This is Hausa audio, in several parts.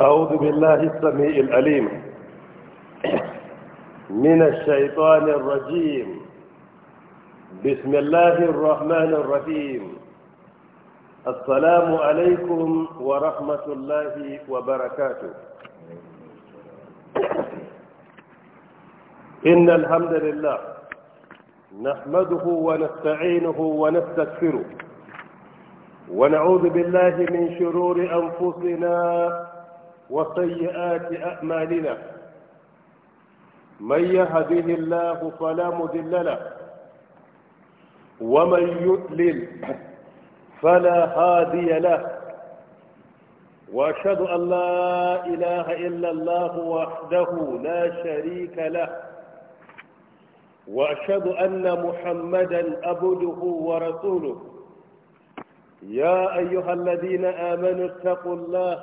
أعوذ بالله السميع العليم من الشيطان الرجيم بسم الله الرحمن الرحيم السلام عليكم ورحمة الله وبركاته إن الحمد لله نحمده ونستعينه ونستغفره ونعوذ بالله من شرور أنفسنا وسيئات أعمالنا من يهده الله فلا مذل له ومن يضلل فلا هادي له وأشهد أن لا إله إلا الله وحده لا شريك له وأشهد أن محمدا عبده ورسوله يا أيها الذين آمنوا اتقوا الله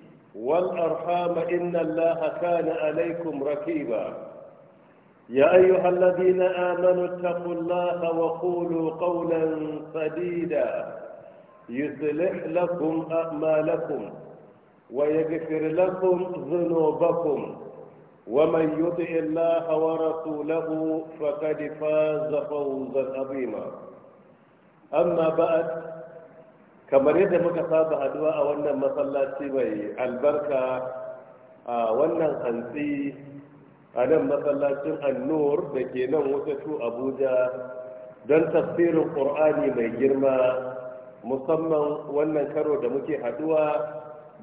والأرحام إن الله كان عليكم ركيبا يا أيها الذين آمنوا اتقوا الله وقولوا قولا سديدا يصلح لكم أعمالكم ويغفر لكم ذنوبكم ومن يطع الله ورسوله فقد فاز فوزا عظيما أما بعد kamar yadda muka saba haɗuwa a wannan masallaci mai albarka a wannan hantsi a nan masallacin annur da ke nan tu abuja don tafsirin ƙur'ani mai girma musamman wannan karo da muke haduwa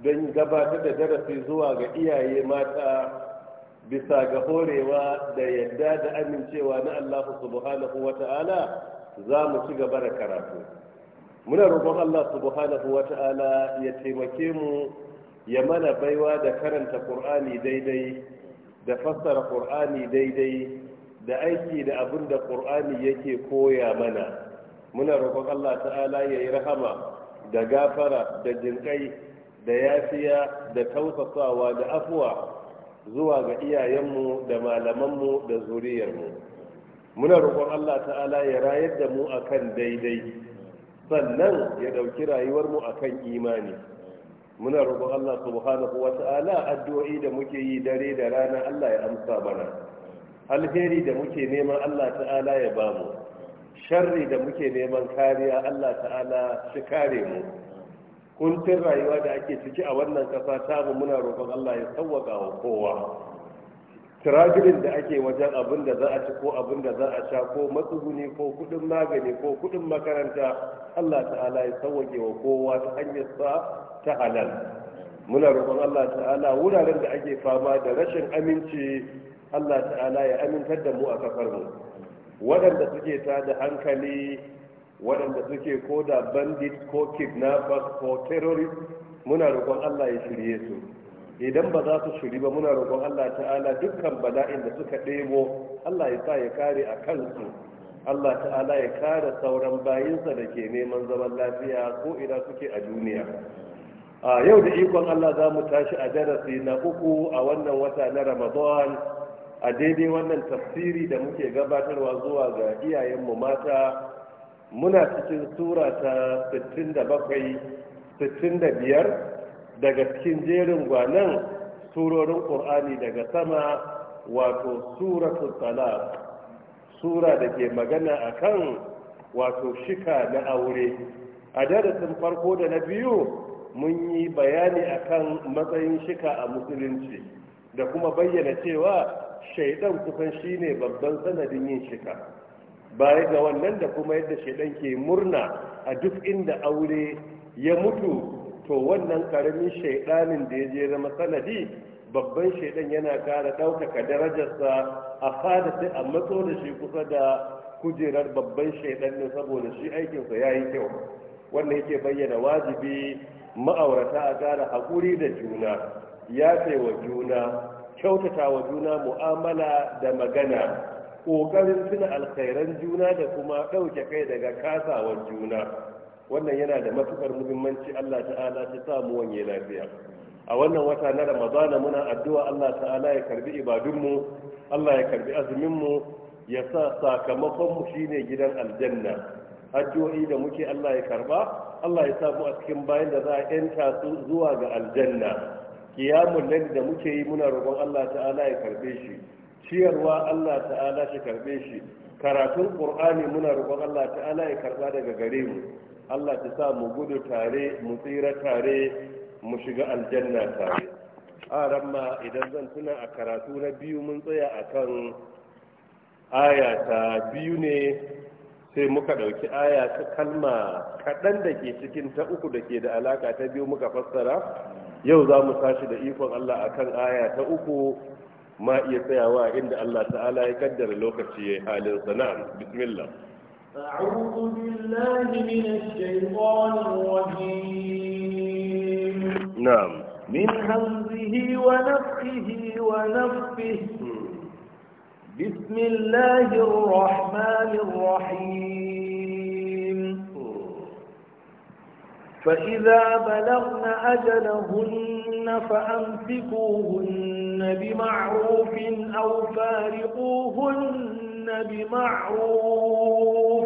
don gabatar da darasi zuwa ga iyaye mata bisa ga horewa da yadda da amincewa na allahu subhanahu wa ta'ala za mu ci gaba da karatu muna roƙon Allah subhanahu wa ta'ala ya taimake mu ya mana baiwa da karanta Qur'ani daidai da fassara Qur'ani daidai da aiki da abin da Qur'ani yake koya mana muna roƙon Allah ta'ala ya yi rahama da gafara da jinƙai da yafiya da tausasawa da afuwa zuwa ga iyayenmu da malamanmu da zuriyarmu muna roƙon Allah ta'ala ya rayar da mu akan daidai sannan ya ɗauki rayuwarmu a kan imani muna roƙon allah subhanahu wa ta'ala addu'o'i da muke yi dare da rana allah ya amsa mana alheri da muke neman allah ta'ala ya bamu sharri da muke neman kariya allah ta'ala shi kare mu kuntun rayuwa da ake ciki a wannan kasa tamu muna roƙon allah ya sauwaka wa kowa tragedy da ake wajen abin da za a ci ko abin da za a sha ko matsuguni ko kudin magani ko kudin makaranta Allah ta'ala ya sauwake wa kowa ta hanyar sa ta halal muna roƙon Allah ta'ala wuraren da ake fama da rashin aminci Allah ta'ala ya amintar da mu a kafar mu waɗanda suke ta da hankali waɗanda suke ko da bandit ko kidnappers ko terrorist muna roƙon Allah ya shirye su idan ba za su shiri ba muna roƙon Allah ta'ala dukkan bala'in da suka ɗebo Allah ya sa ya kare a kansu Allah ta'ala ya kare sauran bayinsa da ke neman zaman lafiya ko ina suke a duniya a yau da ikon Allah za mu tashi a darasi na uku a wannan wata na Ramadan a daidai wannan tafsiri da muke gabatarwa zuwa ga iyayenmu mata muna cikin sura ta 67 65 daga cikin jerin gwanan surorin ƙur'ani daga sama wato suratul talaq sura da ke magana akan wato shika na aure a darasin farko da na biyu mun yi bayani a kan matsayin shika a musulunci da kuma bayyana cewa shaidan kusan shine babban sanadin yin shika baya ga wannan da kuma yadda shaidan ke murna a duk inda aure ya mutu to wannan karamin shaidanin da ya je zama sanadi babban shaidan yana kara ɗaukaka darajarsa a fada sai a matso da shi kusa da kujerar babban shaidan ne saboda shi aikinsa ya yi kyau wannan yake bayyana wajibi ma'aurata a gara haƙuri da juna ya wa juna kyautata wa juna mu'amala da magana ƙoƙarin tuna alkhairan juna da kuma ɗauke kai daga kasawar juna wannan yana da matukar muhimmanci Allah ta'ala ta sa mu wanye lafiya a wannan wata na Ramadana muna addu'a Allah ta'ala ya karbi ibadunmu Allah ya karbi azuminmu ya sa sakamakon mu shine gidan aljanna addu'o'i da muke Allah ya karba Allah ya samu a cikin bayan da za a yanta su zuwa ga aljanna kiyamun nan da muke yi muna roƙon Allah ta'ala ya karbe shi ciyarwa Allah ta'ala shi karbe shi karatun qur'ani muna roƙon Allah ta'ala ya karba daga gare mu Allah ta sa mu gudu tare mu tsira tare mu shiga aljanna tare a ramma idan zan tuna a karatu na biyu mun tsaya akan aya ta biyu ne sai muka ɗauki aya kalma kaɗan da ke cikin ta uku da ke da alaka ta biyu muka fassara yau za mu tashi da ikon Allah akan aya ta uku ma iya tsayawa inda Allah ta'ala ya kaddara lokaci ya yi halin sana'a. bismillah أعوذ بالله من الشيطان الرجيم نعم من همزه ونفخه ونفخه بسم الله الرحمن الرحيم فإذا بلغن أجلهن فأمسكوهن بمعروف أو فارقوهن بمعروف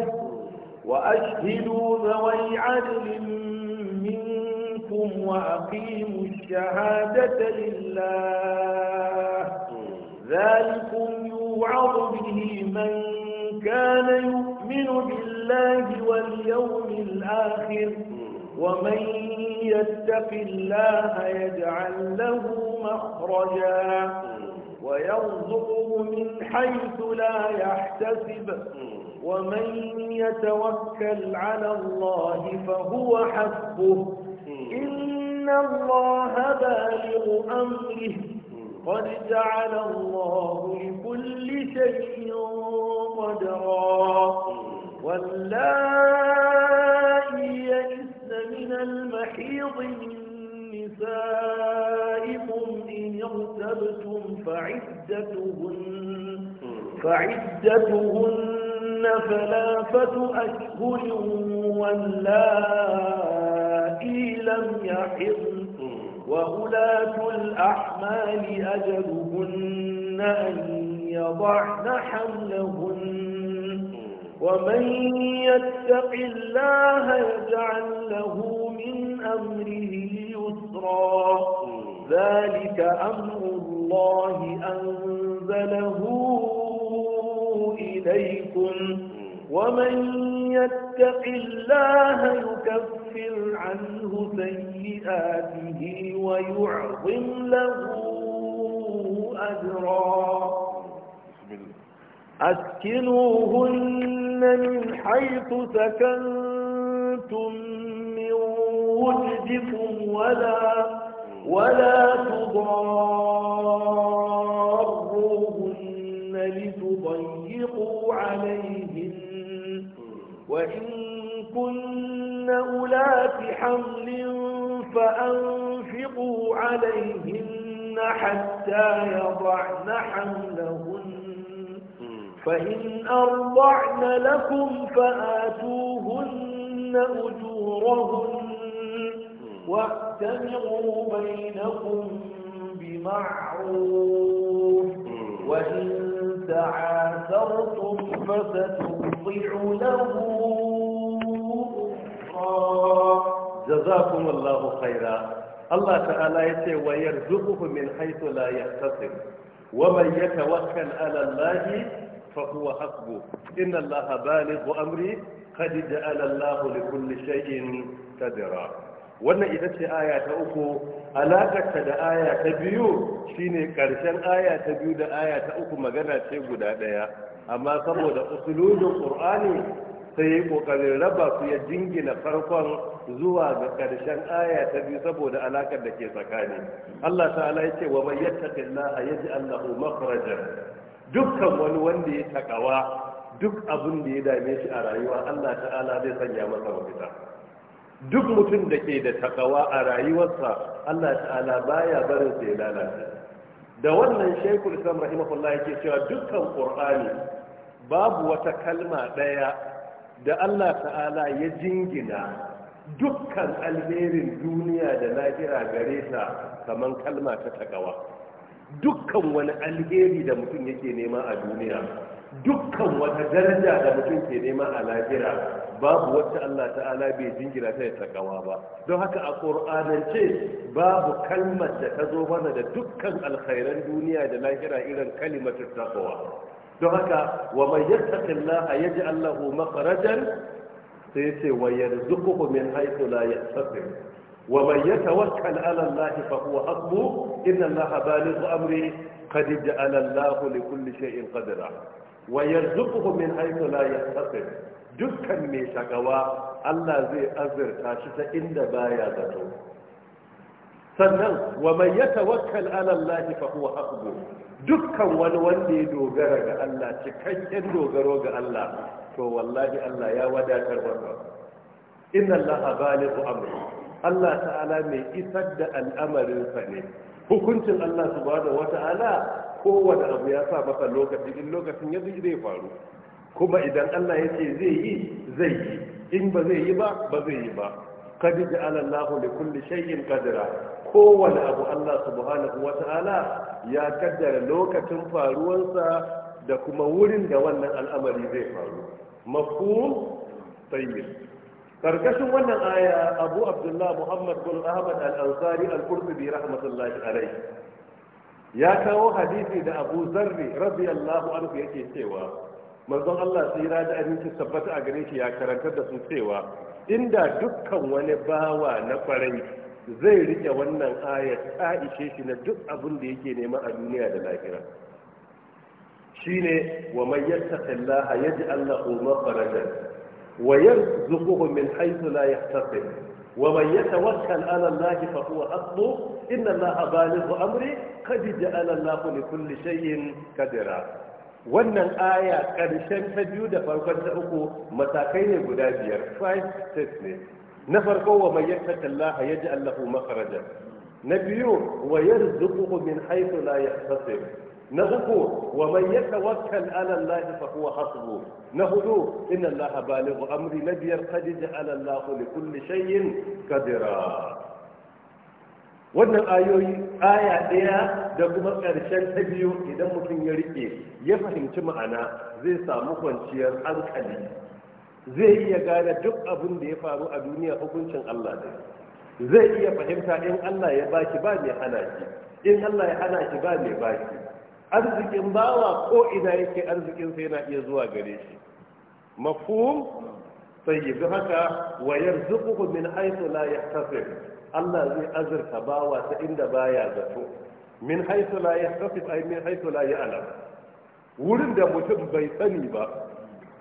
وأشهدوا ذوي عدل منكم وأقيموا الشهادة لله ذلكم يوعظ به من كان يؤمن بالله واليوم الآخر ومن يتق الله يجعل له مخرجا ويرزقه من حيث لا يحتسب ومن يتوكل على الله فهو حسبه إن الله بالغ أمره قد جعل الله لكل شيء قدرا واللائي يئسن من المحيض من نسائكم إن ارتبتم فعدتهن, فعدتهن ثلاثة أشهر واللائي لم يحضن وأولاة الأحمال أجلهن أن يضعن حملهن ومن يتق الله يجعل له من أمره يسرا ذلك أمر الله أنزله إليكم ومن يتق الله يكفر عنه سيئاته ويعظم له أجرا أسكنوهن من حيث سكنتم من وجدكم ولا ولا تضاروهن لتضيقوا عليهن وإن كن أولات حمل فأنفقوا عليهن حتى يضعن حملهن فإن أرضعن لكم فآتوهن أجورهن واعتمروا بينكم بمعروف وإن تعاثرتم فسترضع له أخرى جزاكم الله خيرا الله تعالى يتي ويرزقه من حيث لا يحتسب ومن يتوكل على الله فهو حسبه إن الله بالغ أمري قد جعل الله لكل شيء قدرا wannan ita ce aya ta uku alakarta da aya ta biyu shine karshen aya ta biyu da aya ta uku magana ce guda daya amma saboda usulun qur'ani sai ya kokarin raba su ya jingina farkon zuwa ga karshen aya ta biyu saboda alakar da ke tsakani Allah ta'ala ya ce wa man yattaqillaha yaj'al lahu makhrajan dukkan wani wanda ya takawa duk abin da ya dame shi a rayuwa Allah ta'ala zai sanya masa mafita duk mutum da ke da takawa a rayuwarsa Allah ta'ala baya barin sa ya lalace da wannan shaikul islam rahimahullah yake cewa dukkan qur'ani babu wata kalma daya da Allah ta'ala ya jingina dukkan alherin duniya da lahira gare ta kaman kalma ta takawa dukkan wani alheri da mutum yake nema a duniya dukkan wata daraja da mutum ke nema a lahira babu wacce Allah ta'ala bai jingira ta da takawa ba don haka a ce babu kalmar da ta zo mana da dukkan alkhairan duniya da lahira irin kalimatar takawa don haka wa man yattaqillaha yaj'al lahu makhrajan sai ce wa yarzuquhu min haythu la yahtasib ومن يتوكل على الله فهو حسبه إن الله بالغ أمره قد جعل الله لكل شيء قدرا ويرزقه من حيث لا يحتسب dukkan mai shagawa Allah zai azurta shi ta inda baya zato sannan wa man yatawakkal ala Allah fa huwa hasbu dukkan wani wanda ya dogara ga Allah cikakken dogaro ga Allah to wallahi Allah ya wadatar wannan inna Allah balighu amri Allah ta'ala mai isar da al'amarinsa ne hukuncin Allah subhanahu wata'ala kowane abu ya sa masa lokaci in lokacin ya zai faru kuma idan Allah ya ce zai yi zai yi in ba zai yi ba ba zai yi ba qad ja'ala Allahu li kulli shay'in qadra kowane abu Allah subhanahu wata'ala ya kaddara lokacin faruwarsa da kuma wurin da wannan al'amari zai faru mafhum tayyib karkashin wannan aya abu abdullah muhammad bin ahmad al-ansari al-qurtubi rahmatullahi alayhi ya kawo hadisi da abu zarri radiyallahu anhu yake cewa manzon Allah tsira da abincin sabbata a gare shi ya karantar da su cewa inda dukkan wani bawa na kwarai zai rike wannan ayat ta ishe shi na duk abin da yake nema a duniya da lahira shine wa man yattaqillaha yaj'al lahu makhrajan ويرزقه من حيث لا يحتسب ومن يتوكل على الله فهو حسبه إن الله بالغ أمره قد جعل الله لكل شيء قدرا wannan aya ƙarshen ta biyu da farkon ta uku matakai ne guda biyar five steps ne na farko wa mai yattaka Allah ya ji Allahu makaraja na biyu wa yarzuquhu min haythu la yahtasib na uku wa man yatawakkal ala Allah fa huwa hasbu na hudu inna Allah balighu amri na biyar qad ja'ala Allah li kulli shay'in qadira wannan ayoyi aya ɗaya da kuma ƙarshen ta biyu idan mutum ya rike ya fahimci ma'ana zai samu kwanciyar hankali zai iya gane duk abin da ya faru a duniya hukuncin Allah ne zai iya fahimta in Allah ya baki ba mai hana ki in Allah ya hana ki ba mai baki arzikin bawa ko ina yake arzikin sai yana iya zuwa gare shi mafhum tayyib haka wa yarzuquhu min haythu la yahtasib Allah zai azurta bawa ta inda baya zato min haythu la yahtasib ay min haythu la ya'lam wurin da mutum bai sani ba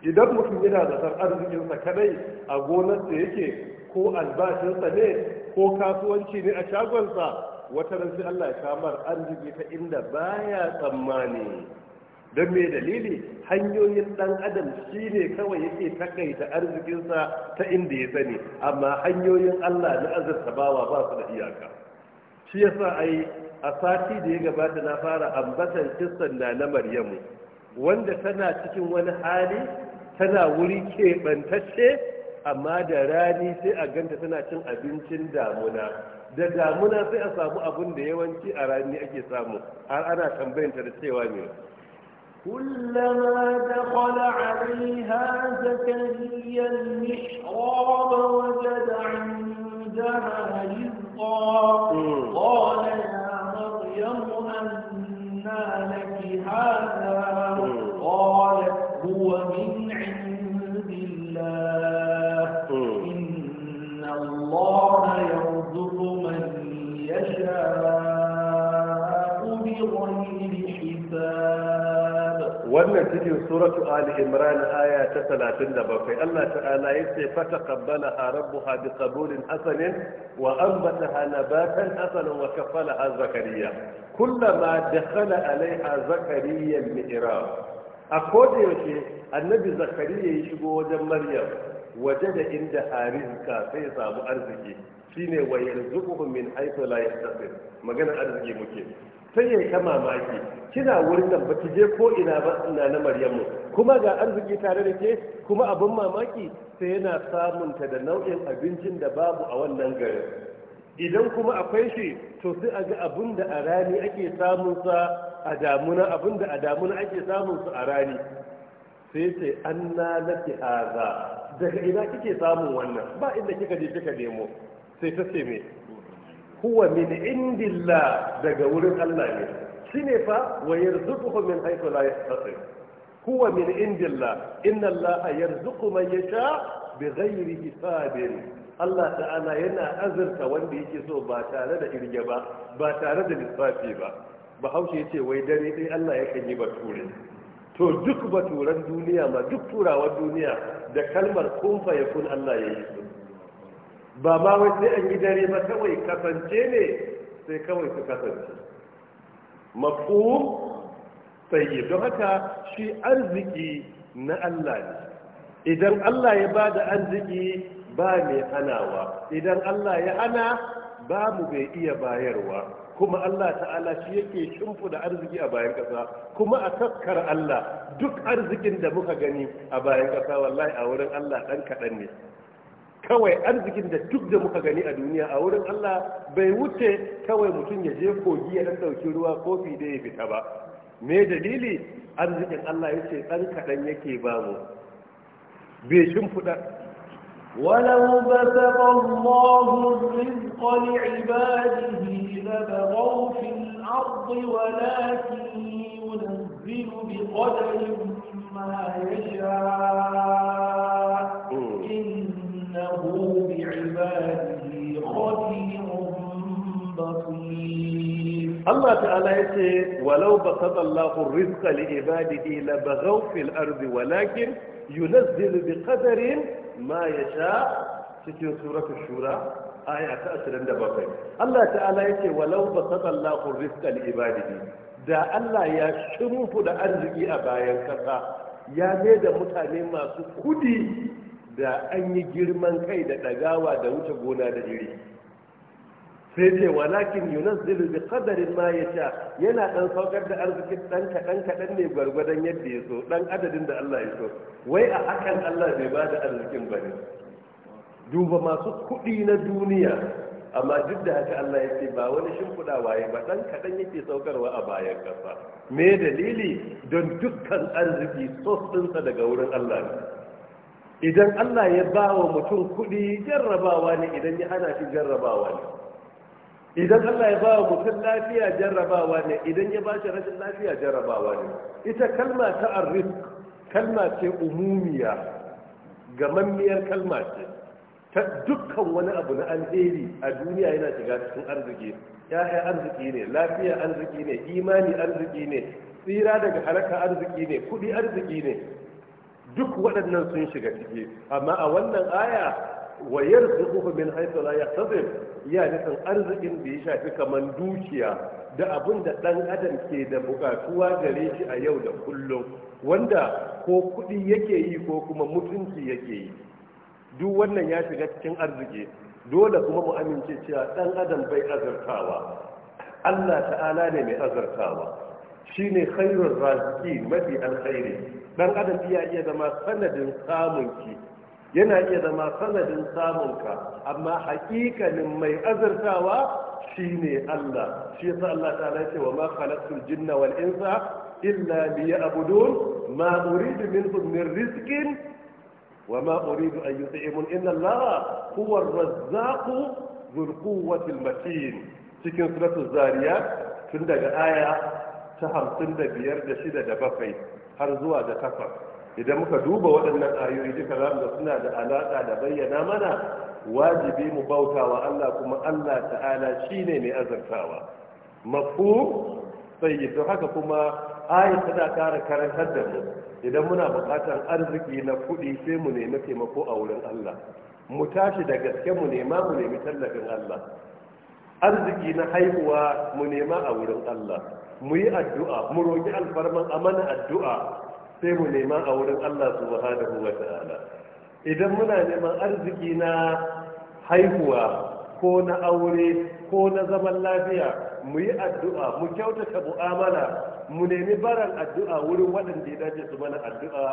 idan mutum yana gasar arzikinsa kadai a gonar gonarsa yake ko sa ne ko kasuwanci ne a shagonsa wata ran Allah ya kamar arziki ta inda baya tsammani don mai dalili hanyoyin ɗan adam shine kawai yake takaita arzikinsa ta inda ya sani amma hanyoyin Allah na azurta bawa ba su da iyaka shi yasa ai a sati da ya gabata na fara ambatan kistan na na Maryamu wanda tana cikin wani hali tana wuri keɓantacce amma da rani sai a ganta tana cin abincin damuna da damuna sai a samu abin da yawanci a rani ake samu har ana tambayinta da cewa ne كلما دخل عليها زكريا المحراب وجد عندها رزقا قال يا مريم أنى لك هذا cikin suratu ali imran aya ta 37 Allah ta'ala yace fa taqabbalaha rabbuha bi qabulin hasanin wa anbataha nabatan hasanan wa kaffalaha zakariya kullama dakhala alaiha zakariya al-mihrab a koda annabi zakariya ya shigo wajen maryam waje da inda harizka sai samu arziki shine wa yarzuquhum min haythu la yahtasib magana arziki muke sai ya ta mamaki kina wurin nan ba ki je ko ina ba ina na maryamu kuma ga arziki tare da ke kuma abin mamaki sai yana samunta da nau'in abincin da babu a wannan gari. idan kuma akwai shi to sai a ga abin da a rani ake samun sa a damuna abin da a damuna ake samun su a rani sai ce an na haza daga ina kike samun wannan ba inda kika je kika nemo sai ta ce me huwa min indillah daga wurin Allah ne shine fa wa yarzuquhu min haythu la yahtasib huwa min indillah inna Allah yarzuqu man yasha bighayri hisabin Allah ta'ala yana azurta wanda yake so ba tare da irge ba ba tare da lissafi ba bahaushe yace wai dare dai Allah yakan yi bature to duk baturan duniya ma duk turawan duniya da kalmar kun fa yakun Allah yayi su ba ma wai sai an yi dare ba kawai kasance ne sai kawai su kasance mafu tsaye don haka shi arziki na Allah ne idan Allah ya ba da arziki ba mai hanawa idan Allah ya hana mu bai iya bayarwa kuma Allah ta'ala shi yake shimfiɗa arziki a bayan ƙasa kuma a taskar Allah duk arzikin da muka gani a bayan ƙasa wallahi a wurin Allah ɗan kaɗan ne kawai arzikin da duk da muka gani a duniya a wurin Allah bai wuce kawai mutum ya je kogi ya dan dauki ruwa kofi da ya fita ba me dalili arzikin Allah yace dan kadan yake ba mu bai shimfuda ولو بسط الله الرزق لعباده لبغوا في الأرض ولكن ينزل بقدر ما يشاء Allah ta'ala ya ce walau ba sadallahu rizqa li ibadihi la baghaw fil ardi walakin yunazzilu bi qadarin ma yasha cikin suratul shura aya ta 27 Allah ta'ala ya ce walau ba sadallahu rizqa li ibadihi da Allah ya shimfu da arziki a bayan kasa ya mai da mutane masu kudi da an yi girman kai da dagawa da wuce gona da jiri. sai ce walakin zilu bi qadarin ma ya sha, yana dan saukar da arziki dan kadan kadan ne gwargwadon yadda ya so dan adadin da Allah ya so wai a hakan Allah bai ba da arzikin bane duba masu kuɗi na duniya amma duk da haka Allah ya ce ba wani shimfiɗa waye ba dan kadan yake saukarwa a bayan kasa me dalili don dukkan arziki sos ɗinsa daga wurin Allah ne idan Allah ya ba wa mutum kuɗi jarrabawa ne idan ya hana shi jarrabawa ne idan Allah ya ba wa mutum lafiya jarrabawa ne idan ya ba shi rashin lafiya jarrabawa ne ita kalma ta arrif kalma ce umumiya gamammiyar kalma ce ta dukkan wani abu na alheri a duniya yana shiga cikin arziki ya'ya arziki ne lafiya arziki ne imani arziki ne tsira daga halaka arziki ne kuɗi arziki ne duk waɗannan sun shiga ciki amma a wannan aya wa yarzuquhu min haythu la yahtasib ya nufin arzikin da ya shafi kaman dukiya da abin da ɗan adam ke da bukatuwa gare shi a yau da kullum wanda ko kuɗi yake yi ko kuma mutunci yake yi duk wannan ya shiga cikin arziki dole kuma mu amince cewa ɗan adam bai azurtawa Allah ta'ala ne mai azurtawa shine khairur raziki mafi alkhairi ɗan adam iya iya zama sanadin samun ki yana iya zama sanadin samunka amma hakikanin mai azurtawa shi ne Allah shi yasa Allah ta ce wa ma khalaqtul jinna wal insa illa liya'budun ma uridu minhum min rizqin wa ma uridu an yut'imun inna Allah huwa ar-razzaq dhul quwwati matin cikin suratul zariyat tun daga aya ta 55 da 6 da 7 har zuwa da 8 idan muka duba waɗannan ayoyi duka za mu suna da alaƙa da bayyana mana wajibi mu bautawa Allah kuma Allah ta'ala shi ne mai azartawa mafu sai to haka kuma ayat tana ƙara karantar da mu idan muna buƙatar arziki na kuɗi sai mu nemi taimako a wurin Allah mu tashi da gaske mu nema mu nemi tallafin Allah arziki na haihuwa mu nema a wurin Allah mu yi addu'a mu roƙi alfarman amana addu'a sai mu nema a wurin Allah subhanahu wa ta'ala idan muna neman arziki na haihuwa ko na aure ko na zaman lafiya mu yi addu'a mu kyautata mu'amala mu nemi baran addu'a wurin waɗanda ya dace su mana addu'a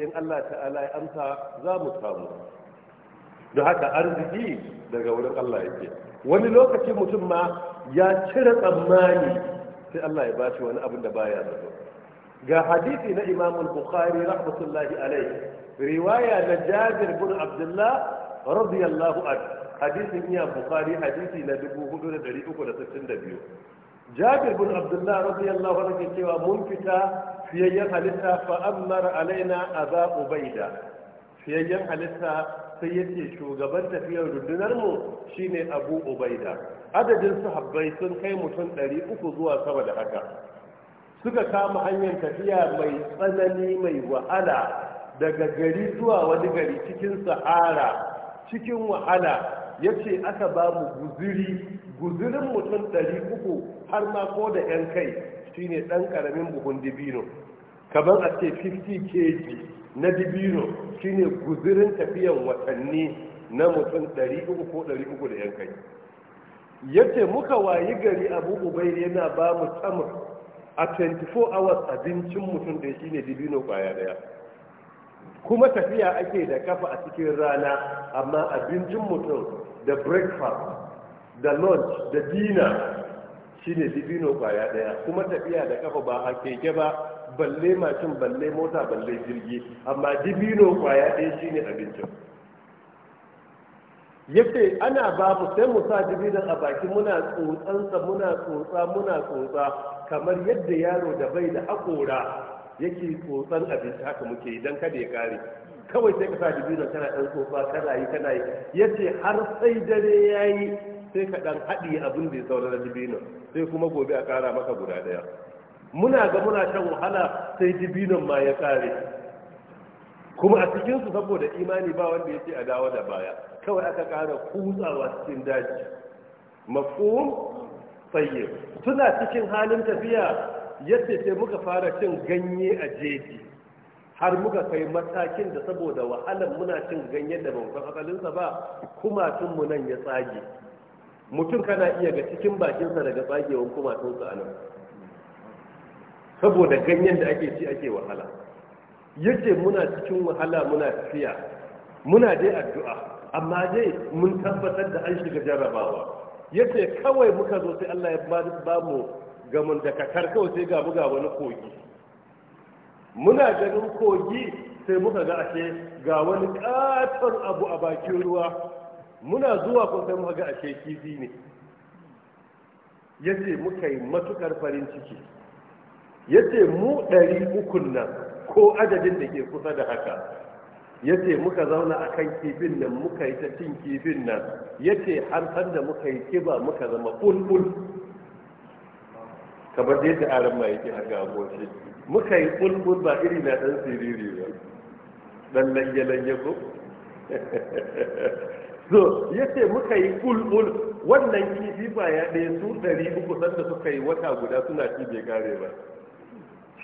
in Allah ta'ala ya amsa za mu samu da haka arziki daga wurin Allah yake wani lokaci mutum ma ya cire tsammani sai Allah ya bashi wani abin da baya zato ga hadisi na imam al-bukhari rahmatullahi alayhi riwaya na jabir bin abdullah radiyallahu an hadisin iya bukhari hadisi na 4362 jabir bin abdullah radiyallahu anhu ke cewa mun fita fiyayyen halitta fa amara alaina aba ubaida fiyayyen halitta sai ya ce shugaban tafiyar rundunar mu shine abu ubaida adadin sahabbai sun kai mutum 300 zuwa sama da haka suka kama hanyar tafiya mai tsanani mai wahala daga gari zuwa wani gari cikin sahara cikin wahala ya ce aka ba mu guziri guzirin mutum ɗari uku har ma ko da 'yan kai shine ɗan ƙaramin buhun dibino kamar a ce 50 kg na dibino shine guzirin tafiyan watanni na mutum 300 ko 300 da 'yan kai ya ce muka wayi gari abu ubai yana ba mu samur a 24 hours abincin mutum da shi ne dibino kwaya daya kuma tafiya ake da kafa a cikin rana amma abincin mutum da breakfast da lunch da dinner shi ne dibino kwaya daya kuma tafiya da kafa ba a keke ba balle mashin balle mota balle jirgi amma dibino kwaya daya shi ne abincin Ya ce ana ba mu sai mu sa jibinan a baki muna tsotsansa muna tsotsa muna tsotsa kamar yadda yaro da bai da haƙora yake tsotsan abinci haka muke idan kada ya kare kawai sai ka sa jibinan kana ɗan tsotsa kana yi kana yi ce har sai dare ya yi sai ka ɗan haɗi abin da ya saurara jibinan sai kuma gobe a ƙara maka guda ɗaya muna ga muna shan wahala sai jibinan ma ya kare kuma a cikinsu saboda imani ba wanda ya ce a dawo da baya kawai aka kara kutsawa cikin daji mafhum tsaye suna cikin halin tafiya yadda sai muka fara cin ganye a jeji har muka kai matakin da saboda wahalar muna cin ganyen da ban asalinsa ba mu nan ya tsage mutum kana iya ga cikin bakinsa daga tsagewan kumatunsa a nan saboda ganyen da ake ci ake wahala yace muna cikin wahala muna tafiya muna dai addu'a amma dai mun tabbatar da an shiga jarrabawa yace kawai muka zo sai Allah ya ba mu mun da kakar kawai sai ga buga wani kogi muna ganin kogi sai muka ga ashe ga wani katon abu a bakin ruwa muna zuwa ko sai muka ga ashe kifi ne yace muka yi matukar farin ciki yace mu ɗari ukun nan ko adadin da ke kusa da haka ya ce muka zauna a kan kifin nan muka yi ta cin kifin nan ya ce har da muka yi kiba muka zama ƙulƙul kamar da yadda aran ma yake a gaboshi muka yi ƙulƙul ba iri na ɗan siriri ba ɗan lanye-lanye ko so ya ce muka yi ƙulƙul wannan kifi ba ya ɗaya su ɗari uku sanda suka yi wata guda suna ci bai kare ba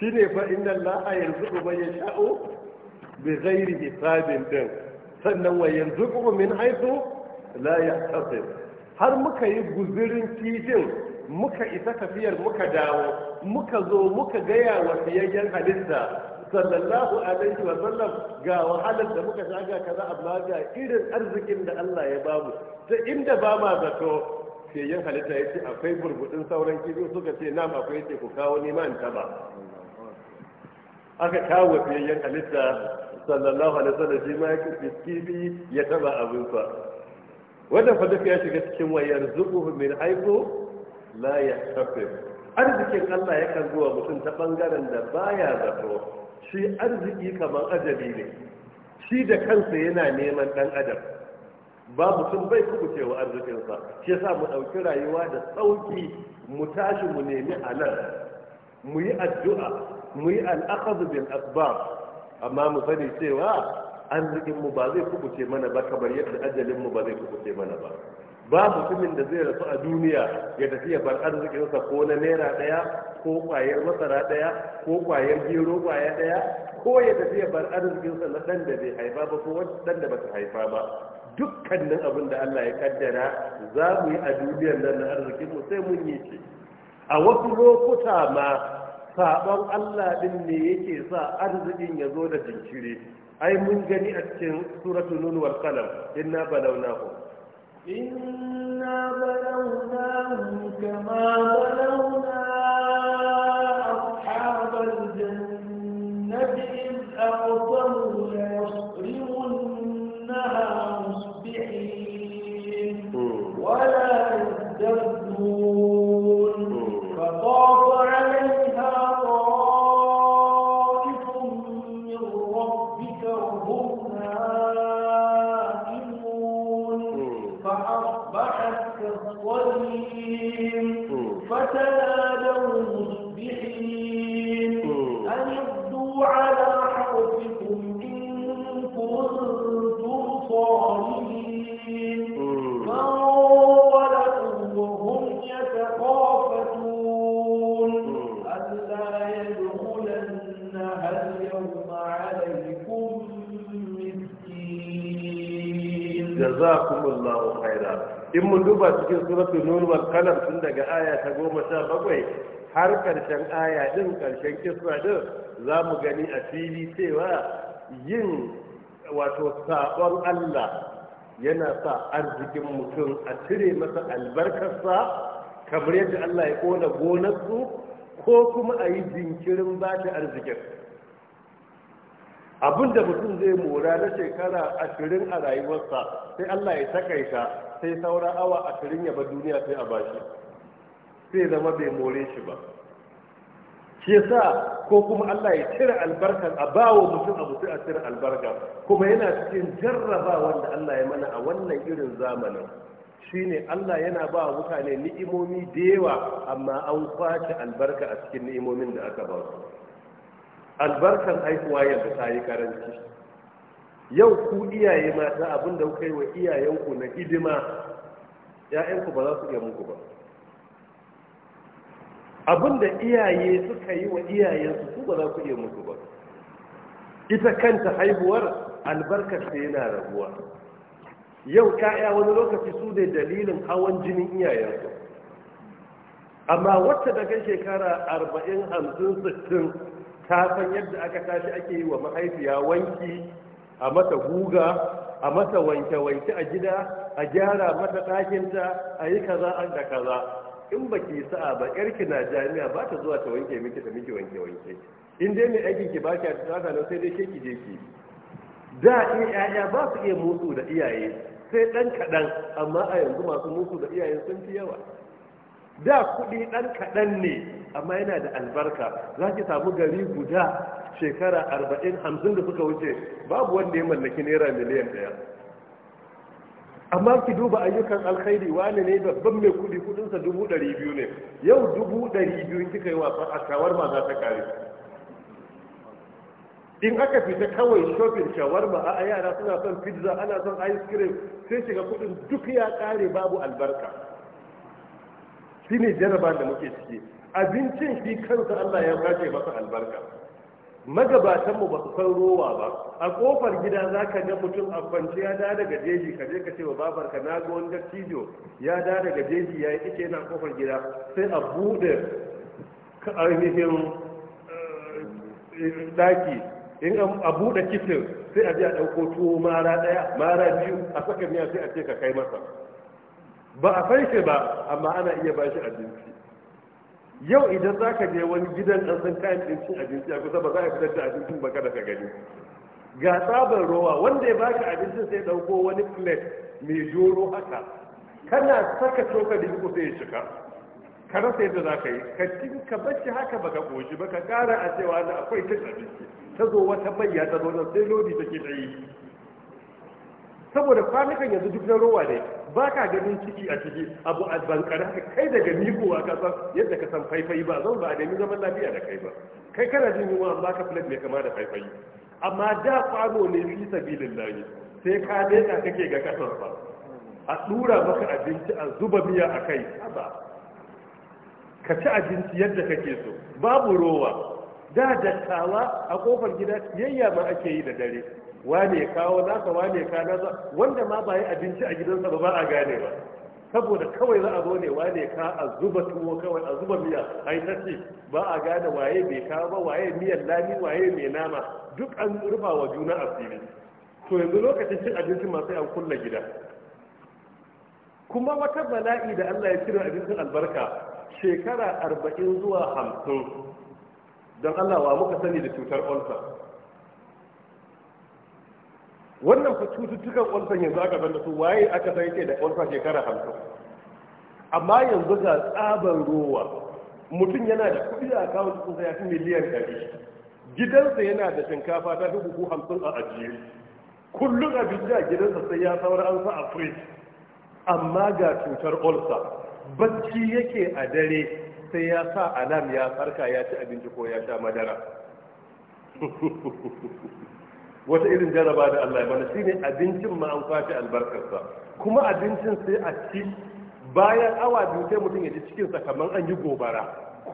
shi ne fa inna laha yanzu man yasha'u bi ghairi hisabin din sannan wa yanzu min haythu la yahtasib har muka yi guzirin kifin muka isa tafiyar muka dawo muka zo muka gaya wa fiyayyen halitta sallallahu alaihi wa sallam ga wahalar da muka sha kaza amma ga irin arzikin da Allah ya bamu ta inda ba ma zato fiyayyen halitta ya ce akwai burbudin sauran kifin suka ce nam akwai ce ku kawo neman ta ba aka kawo fiyayyen halitta sallallahu alaihi wasallam shi ma ya fiskibi ya taba abinsa wannan fa duka ya shiga cikin wayar zubuhu min haifu la yahtasib arzikin Allah yakan zuwa mutum ta bangaren da baya zato shi arziki kamar ajali ne shi da kansa yana neman dan adam ba mutum bai kubucewa arzikinsa shi yasa mu ɗauki rayuwa da sauki mu tashi mu nemi alal mu yi addu'a Muyi yi bil asbab amma mu sani cewa arzikinmu ba zai kubuce mana ba kamar yadda ajalinmu ba zai kubuce mana ba ba mutumin da zai rasu a duniya ya tafi ya bar arzikinsa ko na naira ɗaya ko kwayar masara ɗaya ko kwayar gero kwaya daya ko ya tafi ya bar arzikinsa na dan da bai haifa ba ko wani da ba ta haifa ba dukkanin abin da Allah ya kaddara za mu yi a duniyar nan na arzikinmu sai mun yi shi a wasu lokuta ma sabon Allah din ne yake sa arzikin ya zo da jinkiri ai mun gani a cikin suratul nun wal qalam inna balawnahu inna balawnahum kama balawna قديم فتلا in mun duba cikin suratul nun wal qalam tun daga aya ta goma bakwai har karshen aya din karshen kisra din zamu gani a fili cewa yin wato sabon Allah yana sa arzikin mutum a cire masa albarkarsa kamar yadda Allah ya kona gonarsu ko kuma a yi jinkirin ba ta arzikin abinda mutum zai mora na shekara ashirin a rayuwarsa sai Allah ya takaita sai saura awa a ya yaba duniya sai a bashi sai zama bai more shi ba shi yasa ko kuma Allah ya cire albarka a bawo mutum abu sai a cire albarka kuma yana cikin jarraba wanda Allah ya mana a wannan irin zamanin shine Allah yana ba mutane ni'imomi da yawa amma an kwace albarka a cikin ni'imomin da aka ba su albarkan haihuwa yadda ta yi karanci yau ku iyaye mata abin da kuka yi wa iyayenku na hidima ‘ya'yanku ba za su iya muku ba abin da iyaye suka yi wa iyayensu su ba za ku iya muku ba ita kanta haihuwar albarkar ta yana rabuwa. yau ‘ya'ya wani lokaci su ne dalilin hawan jinin iyayensu amma wacce daga shekara arba'in hamsin sittin ta san yadda aka tashi ake yi wa mahaifiya wanki a mata guga a mata wanke-wanke a gida a gyara mata ɗakinta a yi kaza an da kaza in ba ki sa'a ba yarki na jami'a ba ta zuwa ta wanke miki ta miki wanke-wanke in dai mai aikin ki ba ki a tsaka sai dai ke ki je ki da in ƴaƴa ba su iya musu da iyaye sai ɗan kaɗan amma a yanzu masu musu da iyaye sun fi yawa da kuɗi ɗan kaɗan ne amma yana da albarka za ki samu gari guda shekara arba'in hamsin da suka wuce babu wanda ya mallaki naira miliyan ɗaya amma ki duba ayyukan alkhairi wani ne babban mai kuɗi kuɗinsa dubu ɗari biyu ne yau dubu ɗari biyu kika yi wasan a shawarma za ta kare in aka fita kawai shopping shawarma a yara suna son pizza ana son ice cream sai shiga kuɗin duk ya kare babu albarka ne jaraba da muke ciki abincin shi kansa Allah ya kace masa albarka magabatan mu ba su san rowa ba a kofar gida za ka ga mutum a kwance ya da daga jeji ka je ka ce wa babar ka na ga wani dattijo ya da daga jeji ya yi ike yana kofar gida sai a buɗe ainihin eh, ɗaki in a buɗe kitin, sai a je a tuwo mara ɗaya mara biyu a saka miya sai a ce ka kai masa ba a fanshe ba amma ana iya ba shi abinci yau idan za ka je wani gidan ɗan san kayan ɗin cin abinci a kusa ba za ka fitar da abincin ba kada ka gani ga tsabar rowa wanda ya baka abincin sai ɗauko wani plate mai joro haka kana saka cokali ko sai ya cika. ka rasa yadda za ka yi ka cin ka bacci haka ba ka ƙoshi ba ka ƙara a cewa da akwai cin abinci ta zo wata bayya ta zo sai lodi take ta yi saboda kwanukan yanzu duk na rowa ne ba ka ganin ciki a ciki abu a bankara kai daga mikowa a kasa yadda ka san faifai ba zan ba a nemi zaman lafiya da kai ba kai kana jin yunwa an baka plate mai kama da faifai amma da kwano ne fi sabilin layi sai ka daina kake ga kasar ba a tsura maka abinci a zuba miya a kai ba, ka ci abinci yadda kake so babu rowa da dattawa a kofar gida yayya ma ake yi da dare wane kawo nasa wane ya nasa wanda ma ba yi abinci a gidansa ba ba a gane ba saboda kawai za a zo ne wane ka a zuba tuwo kawai a zuba miya a yi ba a gane waye bai kawo ba waye miyan lami waye mai nama duk an rufa wa juna a fili to yanzu lokacin cin abinci masu yan kulla gida kuma wata bala'i da allah ya cire abincin albarka shekara arba'in zuwa hamsin don allah wa muka sani da cutar olsa wannan fa cututtukan ƙwansan yanzu aka san su waye aka san yake da ƙwansa shekara hamsin amma yanzu ga tsaban rowa mutum yana da kuɗi a kawo cikin sa miliyan ɗari gidansa yana da shinkafa ta fi buhu hamsin a ajiye kullum abinci a gidansa sai ya saura an sa a firij amma ga cutar olsa bacci yake a dare sai ya sa alam ya farka ya ci abinci ko ya sha madara wata irin jaraba da Allah ya bana ne abincin ma an albarkarsa kuma abincin sai a ci bayan awa biyu sai mutum ya ji cikinsa kamar an yi gobara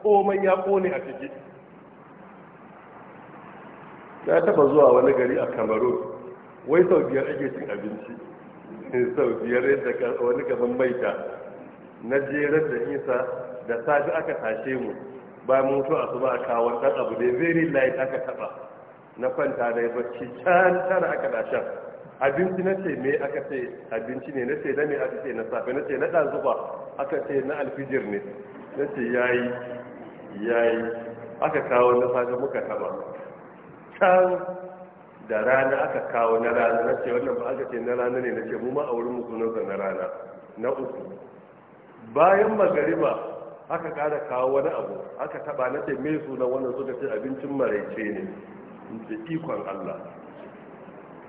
komai ya kone a ciki ya taba zuwa wani gari a kamaru wai sau biyar ake cin abinci sau biyar yadda wani gaban maita na jerar da isa da safi aka tashe mu bayan mutu a su ba a kawo ɗan abu da very light aka taba na kwanta da ya bacci can tara aka shan abinci na ce me aka ce abinci ne na ce na me aka ce na safe na ce na ɗan zuba aka ce na alfijir ne na ce yayi yayi aka kawo na safe muka taba can da rana aka kawo na rana na ce wannan ba aka ce na rana ne na ce mu ma a wurin musulunsa na rana na uku bayan magariba aka ƙara kawo wani abu aka taba na ce me sunan wannan suka ce abincin maraice ne da ikon Allah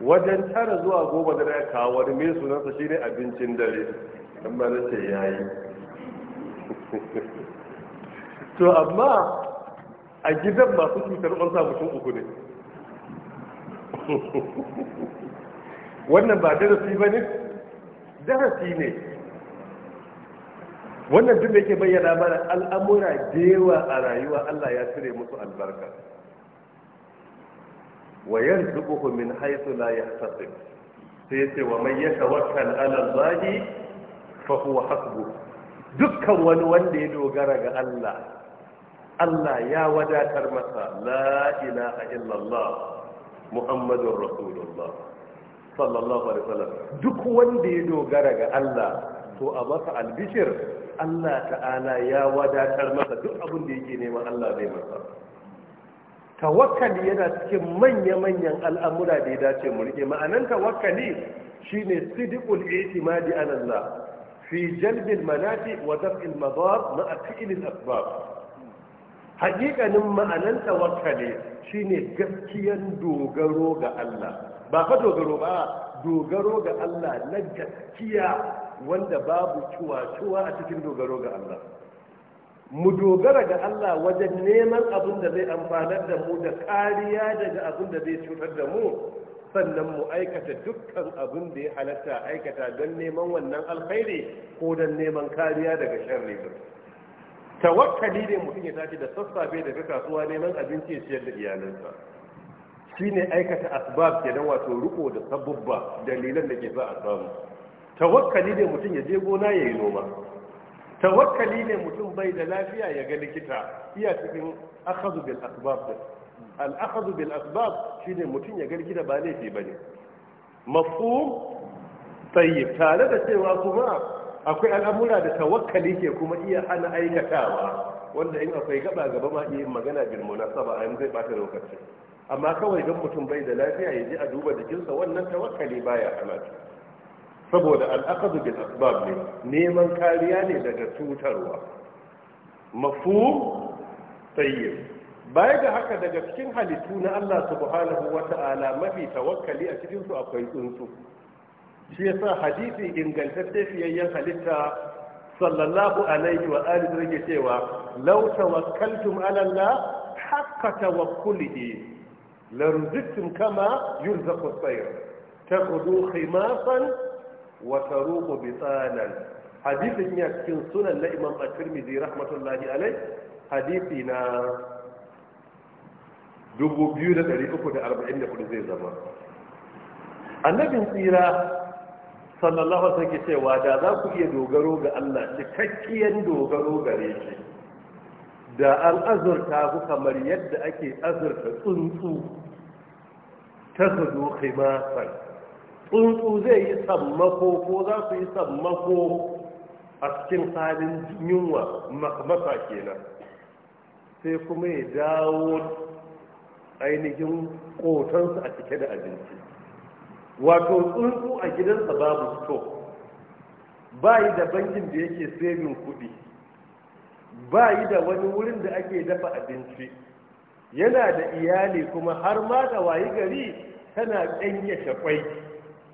wajen tara zuwa goma da ya kawo wani mai sunansa shi ne abincin dare don mana ce ya yi to amma a gidan masu cutar ƙwarsa mutum uku ne wannan ba darasi ba ne darasi ne wannan duk da yake bayyana mana al'amura da yawa a rayuwa allah ya cire musu albarka wa yarzuquhu min haythu la yahtasib sai ce wa man yatawakkal ala Allah fa huwa hasbu dukkan wani wanda ya dogara ga Allah Allah ya wadatar masa la ilaha illallah muhammadur rasulullah sallallahu alaihi wasallam duk wanda ya dogara ga Allah to a masa albishir Allah ta'ala ya wadatar masa duk abin da yake neman Allah zai masa tawakkali yana cikin manya-manyan al'amura da ya dace mu ma'anan tawakkali shine sidiqul i'timadi ala Allah fi jalbin manafi, wa daf'il na ma'a fi'lil asbab haƙiƙanin ma'anan tawakkali shine gaskiyan dogaro ga Allah ba fa dogaro ba dogaro ga Allah na gaskiya wanda babu cuwa-cuwa a cikin dogaro ga Allah mu dogara ga Allah wajen neman abin da zai amfanar da mu da kariya daga abin da zai cutar da mu sannan mu aikata dukkan abin da ya halatta aikata don neman wannan alkhairi ko don neman kariya daga sharri tawakkali ne mutum ya tashi da sassafe daga kasuwa neman abinci ya ciyar da iyalansa shine aikata asbab kenan wato riko da sabubba dalilan da ke za a samu tawakkali ne mutum ya je gona ya yi noma tawakkali ne mutum bai da lafiya ya ga likita iya cikin akhadhu bil asbab al akhadhu bil asbab shine mutum ya ga likita ba laifi bane mafhum tayyib tare da cewa kuma akwai al'amura da tawakkali ke kuma iya hana aikatawa wanda in akwai gaba gaba ma iya magana bil munasaba a zai bata lokaci amma kawai don mutum bai da lafiya ya je a duba jikinsa wannan tawakkali baya hana saboda al'aqadu bil asbab ne neman kariya ne daga cutarwa Mafu, tayyib baya ga haka daga cikin halittu na Allah subhanahu wata'ala mafi tawakkali a cikin su akwai tsuntsu shi sa hadithi ingantacce fiyayyen halitta sallallahu alaihi wa alihi yake cewa law tawakkaltum ala Allah tawakkulihi la kama yurzaqu at ta taqudu khimasan wa taruhu bitsalan hadisin ya cikin sunan na imam at-tirmidhi rahmatullahi alai hadisi na 2344 zai zama annabin tsira sallallahu alaihi wasallam cewa da za ku iya dogaro ga Allah cikakkiyar dogaro gare shi da an azurta ku kamar yadda ake azurta tsuntsu ta zudu khimasan tsuntsu zai yi sammako ko za su yi sammako a cikin halin yunwa makamata kenan sai kuma ya dawo ainihin kotonsa a cike da abinci wato tsuntsu a gidansa babu sto ba yi da bankin da yake saving kudi ba yi da wani wurin da ake dafa abinci yana da iyali kuma har ma da wayi gari tana ɗanyashe kwai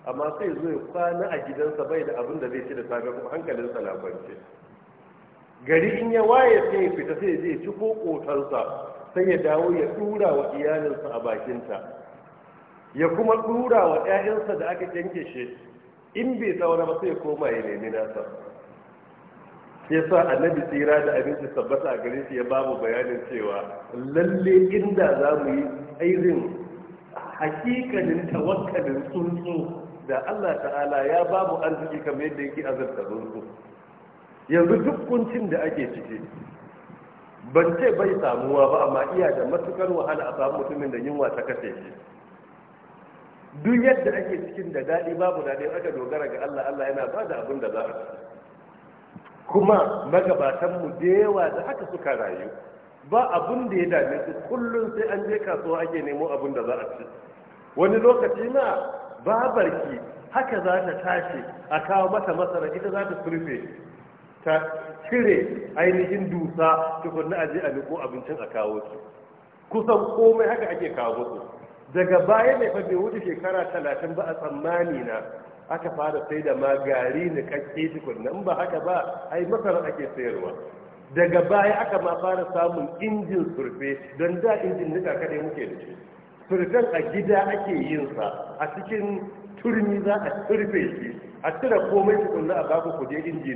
amma sai zo ya kwana a gidansa bai da abin da zai ci da safe kuma hankalinsa na kwance gari in ya waye sai ya fita sai zai ci ko kotarsa, sai ya dawo ya dura wa iyalinsa a bakinta ya kuma dura wa ƴaƴansa da aka yanke shi in bai saura ba sai ya koma ya nemi nasa sai sa annabi tsira da abinci tabbata a gare shi ya babu bayanin cewa lalle inda za mu yi airin hakikalin tawakkalin tsuntsu da Allah ta'ala ya ba mu arziki kamar yadda yake azurta zunzu yanzu duk kuncin da ake ciki ban ce bai samuwa ba amma iya da matukar wahala a samu mutumin da yunwa ta kashe shi duk yadda ake cikin da daɗi babu daɗi aka dogara ga Allah Allah yana ba da abin da za a ci kuma magabatanmu da yawa da haka suka rayu ba abin da ya dame su kullum sai an je kasuwa ake nemo abin da za a ci wani lokaci na babarki haka za ta tashi a kawo mata masara ita za ta surfe ta cire ainihin dusa tukunna aje a miko abincin a kawo su kusan komai haka ake kawo su daga baya mai fabe wuce shekara talatin ba a tsammani na aka fara sai da ma gari ni kakke tukunna in ba haka ba ai masara ake sayarwa daga baya aka ma fara samun injin surfe don da injin nika kadai muke da shi firdan a gida ake yin sa a cikin turmi za a turfe shi a cire komai tukunna a babu kuje inji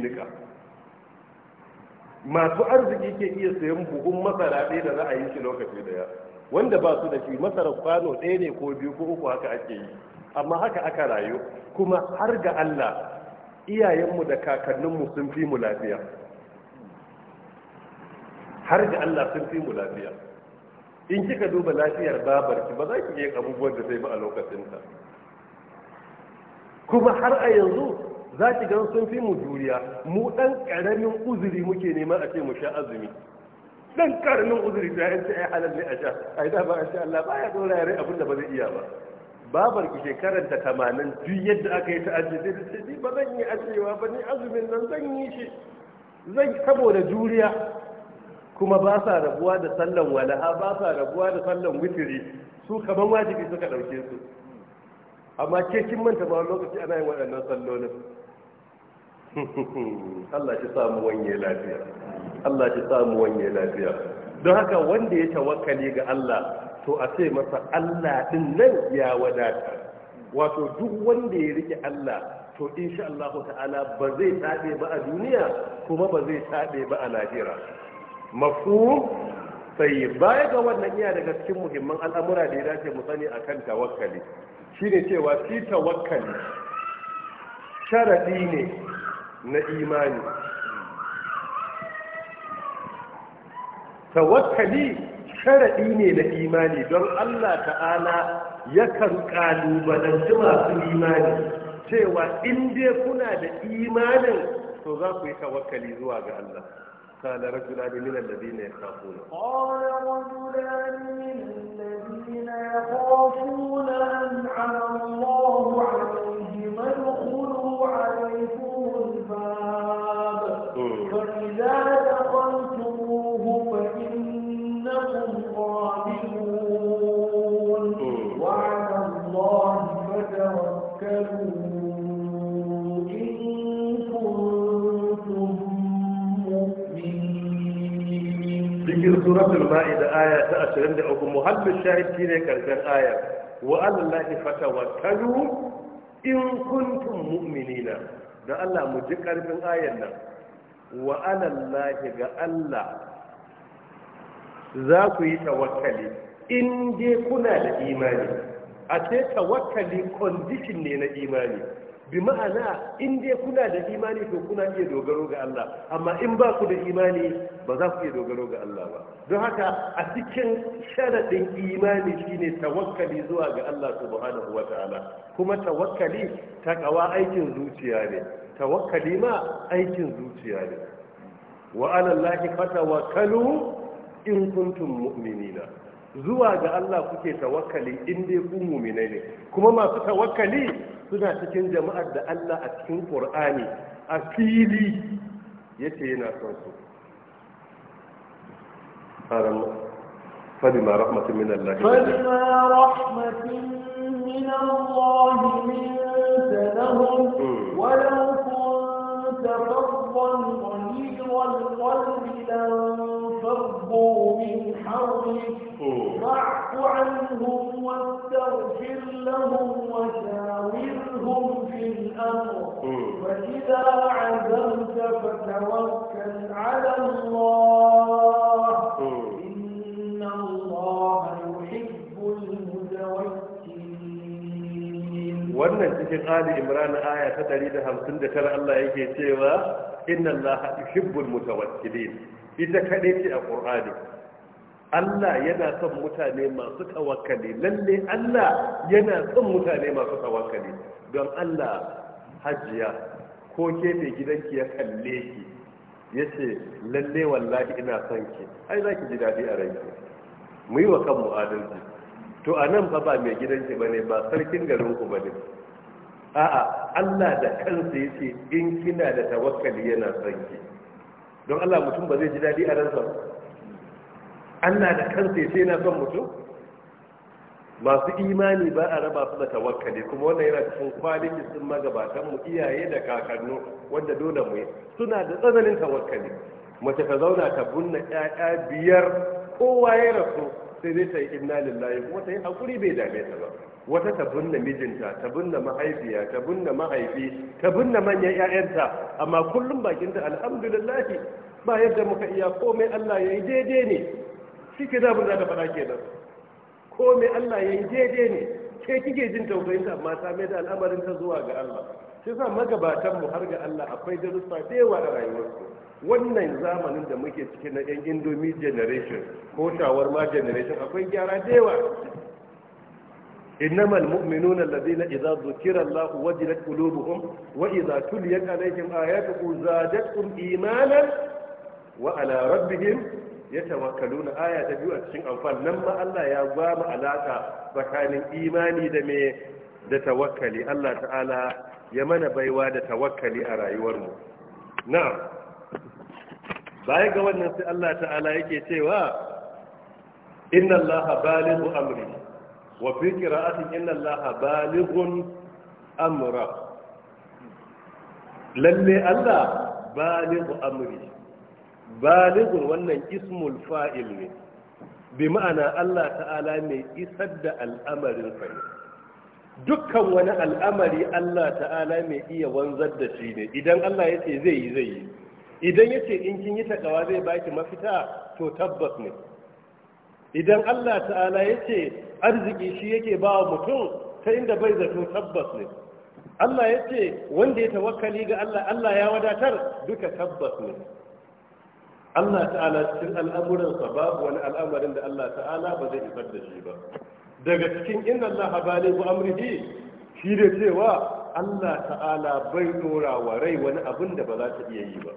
masu arziki ke iya sayan buhun masara ɗaya da za a yi shi lokaci daya wanda ba su da shi masarar kwano ɗaya ne ko biyu ko uku haka ake yi amma haka aka rayu kuma har ga Allah iyayenmu da kakanninmu sun fi mu lafiya har ga Allah sun fi mu lafiya in kika duba lafiyar babar ki, ba za ki yi abubuwan da zai ba a lokacin lokacinta kuma har a yanzu za ki gan sun fi mu juriya mu dan karamin uzuri muke nema a ce mu sha azumi dan karamin uzuri da yanzu ai halal ne a sha ai da ba a sha Allah baya dora yare abin da ba zai iya ba babar ki shekarar da tamanin duk yadda aka yi ta ajiye da ba zan yi ajiyewa ba ni azumin nan zan yi shi zan saboda juriya kuma ba sa rabuwa da sallan walaha ba sa rabuwa da sallan witiri su kaman wajibi suka ɗauke su amma ke kin manta ba lokaci ana yin waɗannan sallolin Allah ki samu wanye lafiya Allah ki samu wanye lafiya don haka wanda ya tawakkali ga Allah to a ce masa Allah din nan ya wadata wato duk wanda ya rike Allah to insha Allah ta'ala ba zai tabe ba a duniya kuma ba zai tabe ba a lahira mafu sai baya ga wannan iya daga cikin muhimman al'amura da ya dace mu sani akan tawakkali shine cewa shi tawakkali sharadi ne na imani tawakkali sharadi ne na imani don Allah ta'ala ya yakan kalubalanci masu imani cewa in dai kuna da imanin to za ku yi tawakkali zuwa ga Allah قال رجلان من الذين يخافون قال رجلان من الذين يخافون أنعم الله cikin suratul da aya ta 23 muhallin shahid shine karshen aya wa allahi fatawakkalu in kuntum mu'minina da Allah mu ji karfin ayan nan wa alallahi ga Allah za ku yi tawakkali in dai kuna da imani a ce tawakkali condition ne na imani bi ma'ana in dai kuna da imani to kuna iya dogaro ga Allah amma in ba ku da imani ba za ku iya dogaro ga Allah ba don haka a cikin sharadin imani shine tawakkali zuwa ga Allah subhanahu wataala kuma tawakkali takawa aikin zuciya ne tawakkali ma aikin zuciya ne wa ala llahi fatawakkalu in kuntum mu'minina zuwa ga Allah kuke tawakkali in dai ku mu'minai ne kuma masu tawakkali suna cikin jama'ar da Allah a cikin Qur'ani a fili yace yana son su فبما رحمة من الله فبما رحمة من الله منت لهم ولو كنت فظا غليظ القلب لانفضوا من حولك واعف عنهم واستغفر لهم وشاورهم في الأمر فإذا عزمت فتوكل على الله إن الله يحب المتوكلين wannan cikin Ali Imran aya ta 159 Allah yake cewa inna Allah yuhibbul mutawakkilin ita kadai ce a Qur'ani Allah yana son mutane masu tawakkali lalle Allah yana son mutane masu tawakkali don Allah hajjiya ko ke mai gidanki ya kalle ki ya ce lalle wallahi ina son ki ai za ki ji daɗi a ranki mu yi wa kanmu adalci to a nan fa ba mai gidanki ba ne ba sarkin garin ku ba ne a'a Allah da kansa ya ce in kina da tawakkali yana son ki don Allah mutum ba zai ji daɗi a ransa ba Allah da kansa sai yana son mutum masu imani ba a raba su da tawakkali kuma wannan yana cikin kwalin sun magabatan mu iyaye da kakannu wanda dole mu suna da tsananin tawakkali mace ka zauna ta bunna ƴaƴa biyar kowa ya rasu sai dai ta yi inna lillahi kuma ta yi hakuri bai dame ta ba wata ta binne mijinta ta binne mahaifiya ta binne mahaifi ta binne manyan ƴaƴanta amma kullum bakinta ta alhamdulillah ba yadda muka iya komai Allah ya yi daidai ne shi ke da za da faɗa ke nan ko mai allah ya yi daidai ne ke kike jin tausayin ta amma ta da al'amarin ta zuwa ga allah shi sa magabatan mu har ga allah akwai darussa da yawa a rayuwarsu wannan zamanin da muke cikin na yan indomi generation ko ma generation akwai gyara da yawa إنما المؤمنون الذين إذا ذكر الله وجلت قلوبهم وإذا تليت عليهم آياته زادتهم إيمانا وعلى ربهم ya tawakkalu na aya ta biyu a cikin amfan nan ma Allah ya ba mu alaka tsakanin imani da me da tawakkali Allah ta'ala ya mana baiwa da tawakkali a rayuwarmu na'am baya ga wannan sai Allah ta'ala yake cewa inna Allah balighu amri wa fi qira'atin inna Allah balighun amra lalle Allah balighu amri balighun wannan ismul fa'il ne bi ma'ana Allah ta'ala mai isar da al'amarin sa dukkan wani al'amari Allah ta'ala mai iya wanzar da shi ne idan Allah ya ce zai yi zai yi idan ya ce in kin yi takawa zai baki mafita to tabbas ne idan Allah ta'ala ya ce arziki shi yake ba wa mutum ta inda bai zato tabbas ne Allah ya ce wanda ya tawakkali ga Allah Allah ya wadatar duka tabbas ne Allah ta'ala cikin al'amuransa babu wani al'amarin da Allah ta'ala ba zai isar da shi ba daga cikin inna Allah baligu shi da cewa Allah ta'ala bai dora wa rai wani abin da ba za ta iya yi ba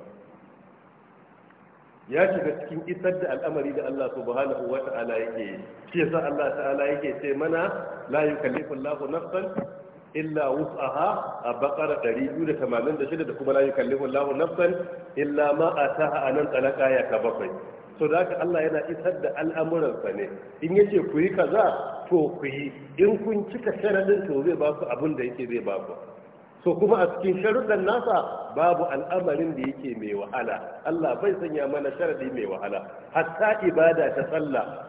ya shiga cikin isar da al'amari da Allah subhanahu wa ta'ala yake shi yasa Allah ta'ala yake ce mana la yukallifu Allahu nafsan illa wus'aha a bakara 286 da kuma la yukallifu Allahu nafsan illa ma ataha anan talaka ya ka bakwai so da haka Allah yana isar da al'amuransa ne in yace ku yi kaza to ku yi in kun cika sharadin to zai ba ku abin da yake zai ba ku so kuma a cikin sharuɗan nasa babu al'amarin da yake mai wahala Allah bai sanya mana sharadi mai wahala hatta ibada ta sallah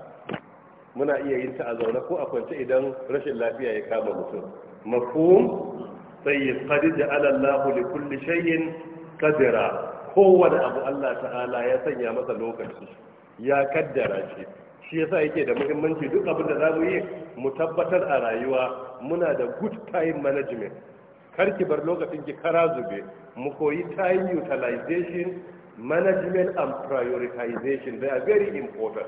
muna iya yin ta a zaune ko a kwance idan rashin lafiya ya kama mutum mafhum sai qad ja'ala Allahu li kulli shay'in qadra kowane abu Allah ta'ala ya sanya masa lokaci ya kaddara shi shi yasa yake da muhimmanci duk abin da zamu yi mu tabbatar a rayuwa muna da good time management kar ki bar lokacin ki kara zube mu koyi time utilization management and prioritization they are very important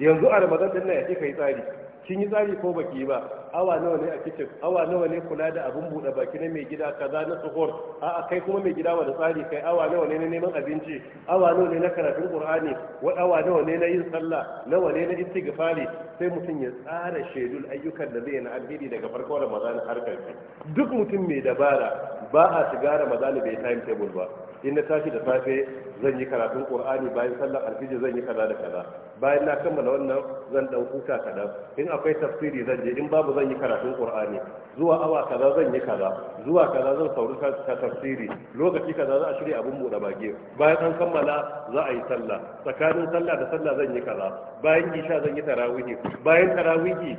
yanzu a ramadan din nan yake kai tsari kin yi tsari ko baki ba awa nawa ne a kitchen awa nawa ne kula da abun buɗe baki na mai gida kaza na tsohon a'a kai kuma mai gida wani tsari kai awa nawa ne na neman abinci awa nawa ne na karatun qur'ani wa awa nawa ne na yin sallah nawa ne na istighfari sai mutum ya tsara shedul ayyukan da zai na alheri daga farkon ramadan har karshe duk mutum mai dabara ba a shiga ramadan bai time table ba in na tashi da safe zan yi karatun qur'ani bayan sallar alfijir zan yi kaza da kaza bayan na kammala wannan zan dan huta kaza in akwai tafsiri zan je in babu zan yi karatun qur'ani zuwa awa kaza zan yi kaza zuwa kaza zan sauri ka tafsiri lokaci kaza za a shirya abun buɗe bage bayan an kammala za a yi sallah tsakanin sallah da sallah zan yi kaza bayan isha zan yi tarawihi bayan tarawihi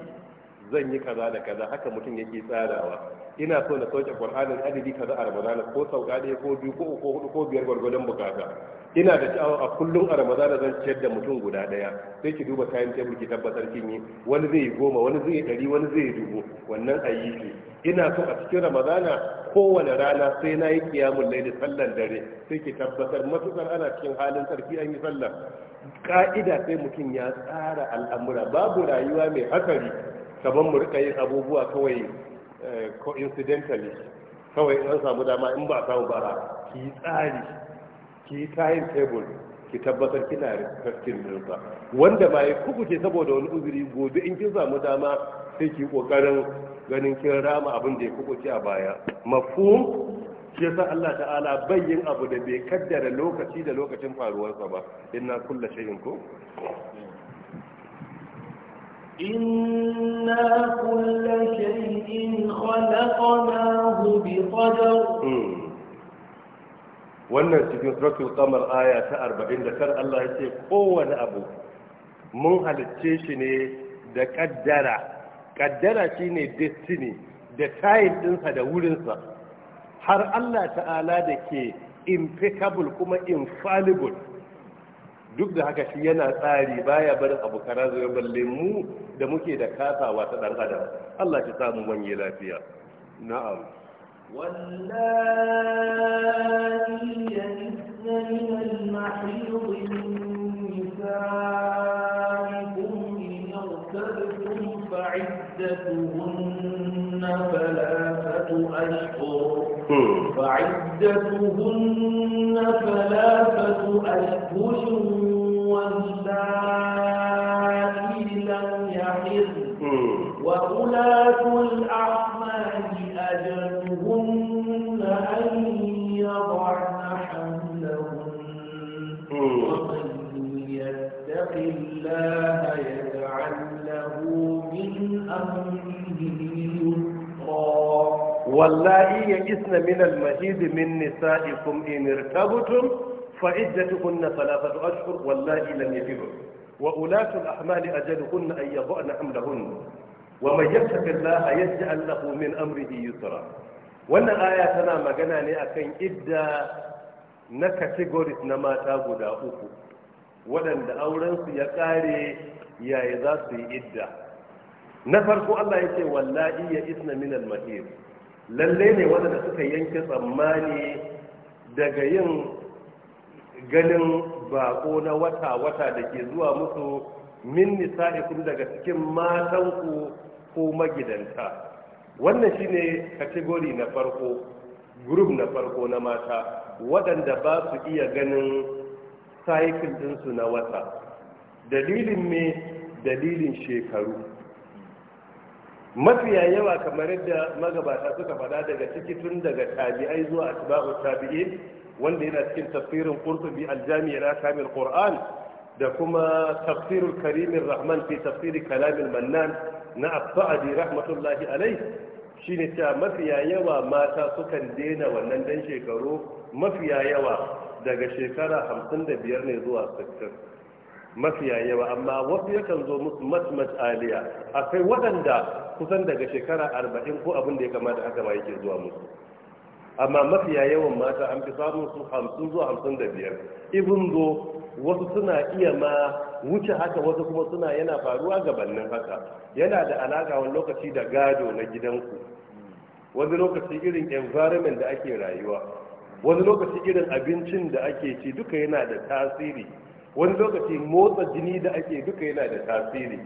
zan yi kaza da kaza haka mutum yake tsarawa ina so na sauke qur'anin adadi kaza a ramadana ko sauka ɗaya ko biyu ko uku hudu ko biyar gwargwadon bukata ina da sha'awa a kullum a ramadana zan ciyar da mutum guda ɗaya sai ki duba kayan table ki tabbatar kin yi wani zai yi goma wani zai yi ɗari wani zai yi dubu wannan a yi shi ina so a cikin ramadana kowane rana sai na yi kiyamun laili sallan dare sai ki tabbatar matukar ana cikin halin sarki an yi sallah ka'ida sai mutum ya tsara al'amura babu rayuwa mai hatsari kaban mu rika yin abubuwa kawai ko eh, incidentally kawai an samu dama in ba a samu bara ki yi tsari ki tayin table ki tabbatar kina rikakin nirka wanda ba ya kubuce saboda wani uzuri gobe in kin samu dama sai ki kokarin ganin kin rama abin da ya kubuce a baya mafhum shi yasa Allah ta'ala bayyin abu da bai kaddara lokaci da lokacin faruwarsa ba inna kullu shay'in ko إنا كل شيء خلقناه بقدر hmm. wannan cikin suratul kamar aya ta kar Allah ya ce kowane abu mun halicce shi ne da kaddara kaddara shine destiny da tayin ɗinsa da wurinsa har Allah ta'ala da ke impeccable kuma infallible duk da haka shi yana tsari baya bar abu kaza zai balle mu da muke da kasawa ta dan adam Allah ki samu wanye lafiya na'am wallahi yasna min al-mahid فعدتهن ثلاثة أشهر isna min al-mahid min nisa'ikum in irtabtum fa iddatuhunna thalathatu ashhur wallahi lam yafidu wa ulatu al-ahmal ajaluhunna an yadhna hamlahunna wa man yattaqi Allah min amrihi wannan aya tana magana ne akan idda na categories na mata guda uku waɗanda aurensu ya ƙare yaya za su yi idda na farko Allah ya ce wallahi ya isna min al Lallai ne waɗanda suka yanke tsammani daga yin ganin bako na wata-wata da ke zuwa musu min nisa'ikum daga cikin matanku ko magidanta wannan shine kategori na farko group na farko na mata waɗanda ba su iya ganin cycle ɗinsu na wata dalilin me dalilin shekaru mafiya yawa kamar yadda magabata suka faɗa daga ciki tun daga tabi'ai zuwa atba'u tabi'i wanda yana cikin tafsirin qurtubi aljami' na kamil qur'an da kuma tafsirul karimin rahman fi tafsiri kalamil mannan na as rahmatullahi alai. shine cewa mafiya yawa mata sukan daina wannan dan shekaru mafiya yawa daga shekara 55 ne zuwa 60 mafiya yawa amma wasu yakan zo musu matmat aliya akwai waɗanda kusan daga shekara arba'in ko abin da ya kamata haka ma yake zuwa musu amma mafiya yawan mata an fi samun su hamsin zuwa hamsin da biyar ibin zo wasu suna iya ma wuce haka wasu kuma suna yana faruwa gabanin haka yana da alaka wani lokaci da gado na gidanku wani lokaci irin environment da ake rayuwa wani lokaci irin abincin da ake ci duka yana da tasiri wani lokaci motsa jini da ake duka yana da tasiri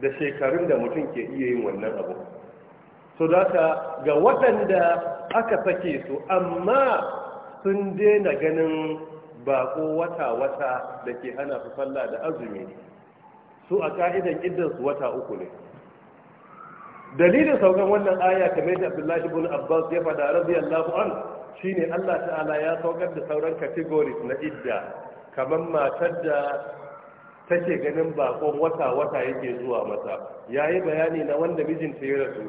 da shekarun da mutum ke iya yin wannan abu so daga ga waɗanda aka sake su amma sun daina ganin baƙo wata-wata da ke hana su falla da azumi su a ka'idan ƙiddansu wata uku ne dalilin saukan wannan aya kamar da abdullahi abbas ya faɗa radiyallahu an shine Allah ta'ala ya saukar da sauran categories na idda kamar matar da take ganin bakon wata-wata yake zuwa mata ya yi bayani na wanda mijinta ya rasu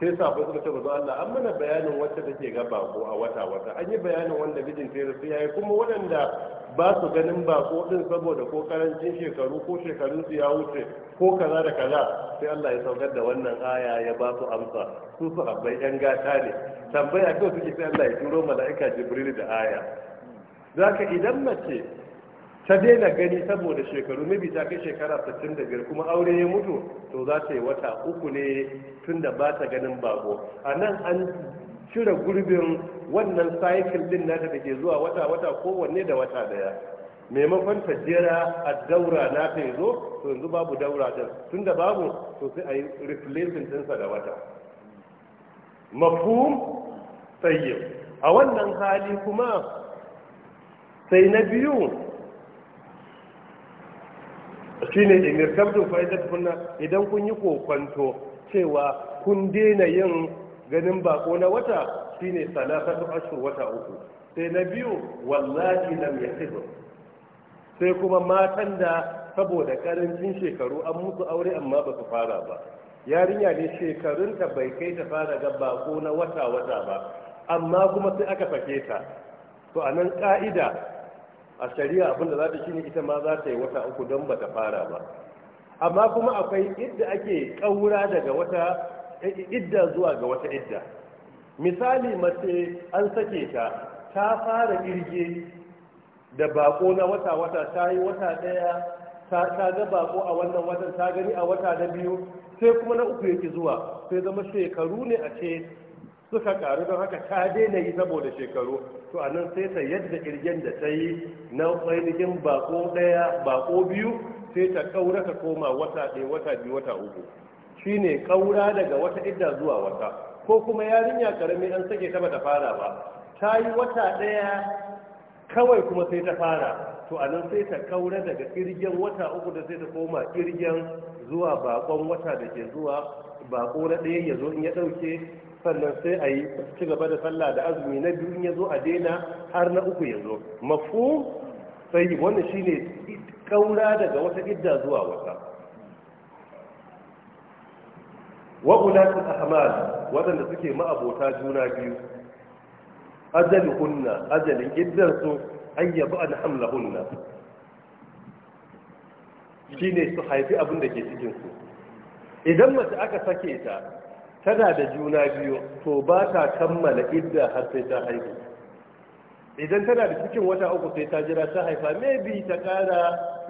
sai safon suka ce ba Allah an mana bayanin wacce take ga bako a wata-wata an yi bayanin wanda mijinta ya rasu ya yi kuma waɗanda ba su ganin bako din saboda ko karancin shekaru ko shekarun su ya wuce ko kaza da kaza sai Allah ya saukar da wannan aya ya ba su amsa su su habbai yan gata ne tambaya kawai suke sai Allah ya turo mala'ika Jibril da aya zaka idan mace ta daina gani saboda shekaru mabi ta kai shekara 65 kuma aure ya mutu to za ta yi wata uku ne tun da ba ta ganin babo a nan an cire gurbin wannan cycle din nata da ke zuwa wata wata kowanne da wata daya maimakon ta jera a daura na ta zo to yanzu babu daura ta tun da babu to sai a yi replacing dinsa da wata mafhum tsayi a wannan hali kuma sai na biyu shine in irkabtu fa idan kunna idan kun yi kokonto cewa kun daina yin ganin bako na wata shine salatu ashur wata uku sai na biyu wallahi lam yasibu sai kuma matan da saboda karancin shekaru an mutu aure amma ba su fara ba yarinya ne shekarunta bai kai ta fara ga bako na wata wata ba amma kuma sai aka fake ta to anan ka'ida a shari'a abin da za ta shi ne ita ma za ta yi wata uku don ba ta fara ba amma kuma akwai idda ake ƙaura daga wata idda zuwa ga wata idda misali mace an sake ta ta fara irge da bako na wata-wata ta yi wata ɗaya ta ga bako a wannan watan ta gani a wata na biyu sai kuma na uku yake zuwa sai zama shekaru ne a ce suka karu don haka ta daina yi saboda shekaru to a nan sai ta yadda kirgen da ta yi na ainihin bako ɗaya bako biyu sai ta kaura ta koma wata ɗaya wata biyu wata uku Shi ne ƙaura daga wata idda zuwa wata ko kuma yarinya karami an sake ta bata fara ba ta yi wata ɗaya kawai kuma sai ta fara to a nan sai ta kaura daga kirgen wata uku da sai ta koma kirgen zuwa bakon wata da ke zuwa bako na ɗaya ya zo in ya ɗauke sannan sai a yi ci gaba da sallah da azumi na biyu ya zo a daina har na uku ya zo mafu sai wannan shine kaura daga wata idda zuwa wata wa ulatu ahmal wadanda suke ma'abota juna biyu ajaluhunna ajalin iddan su an yabu an hamlahunna shine su haifi abin da ke cikin su idan mace aka sake ta tana da juna biyu to ba ta kammala idda har sai ta haihu idan tana da cikin wata uku sai ta jira ta haifa maybe ta kara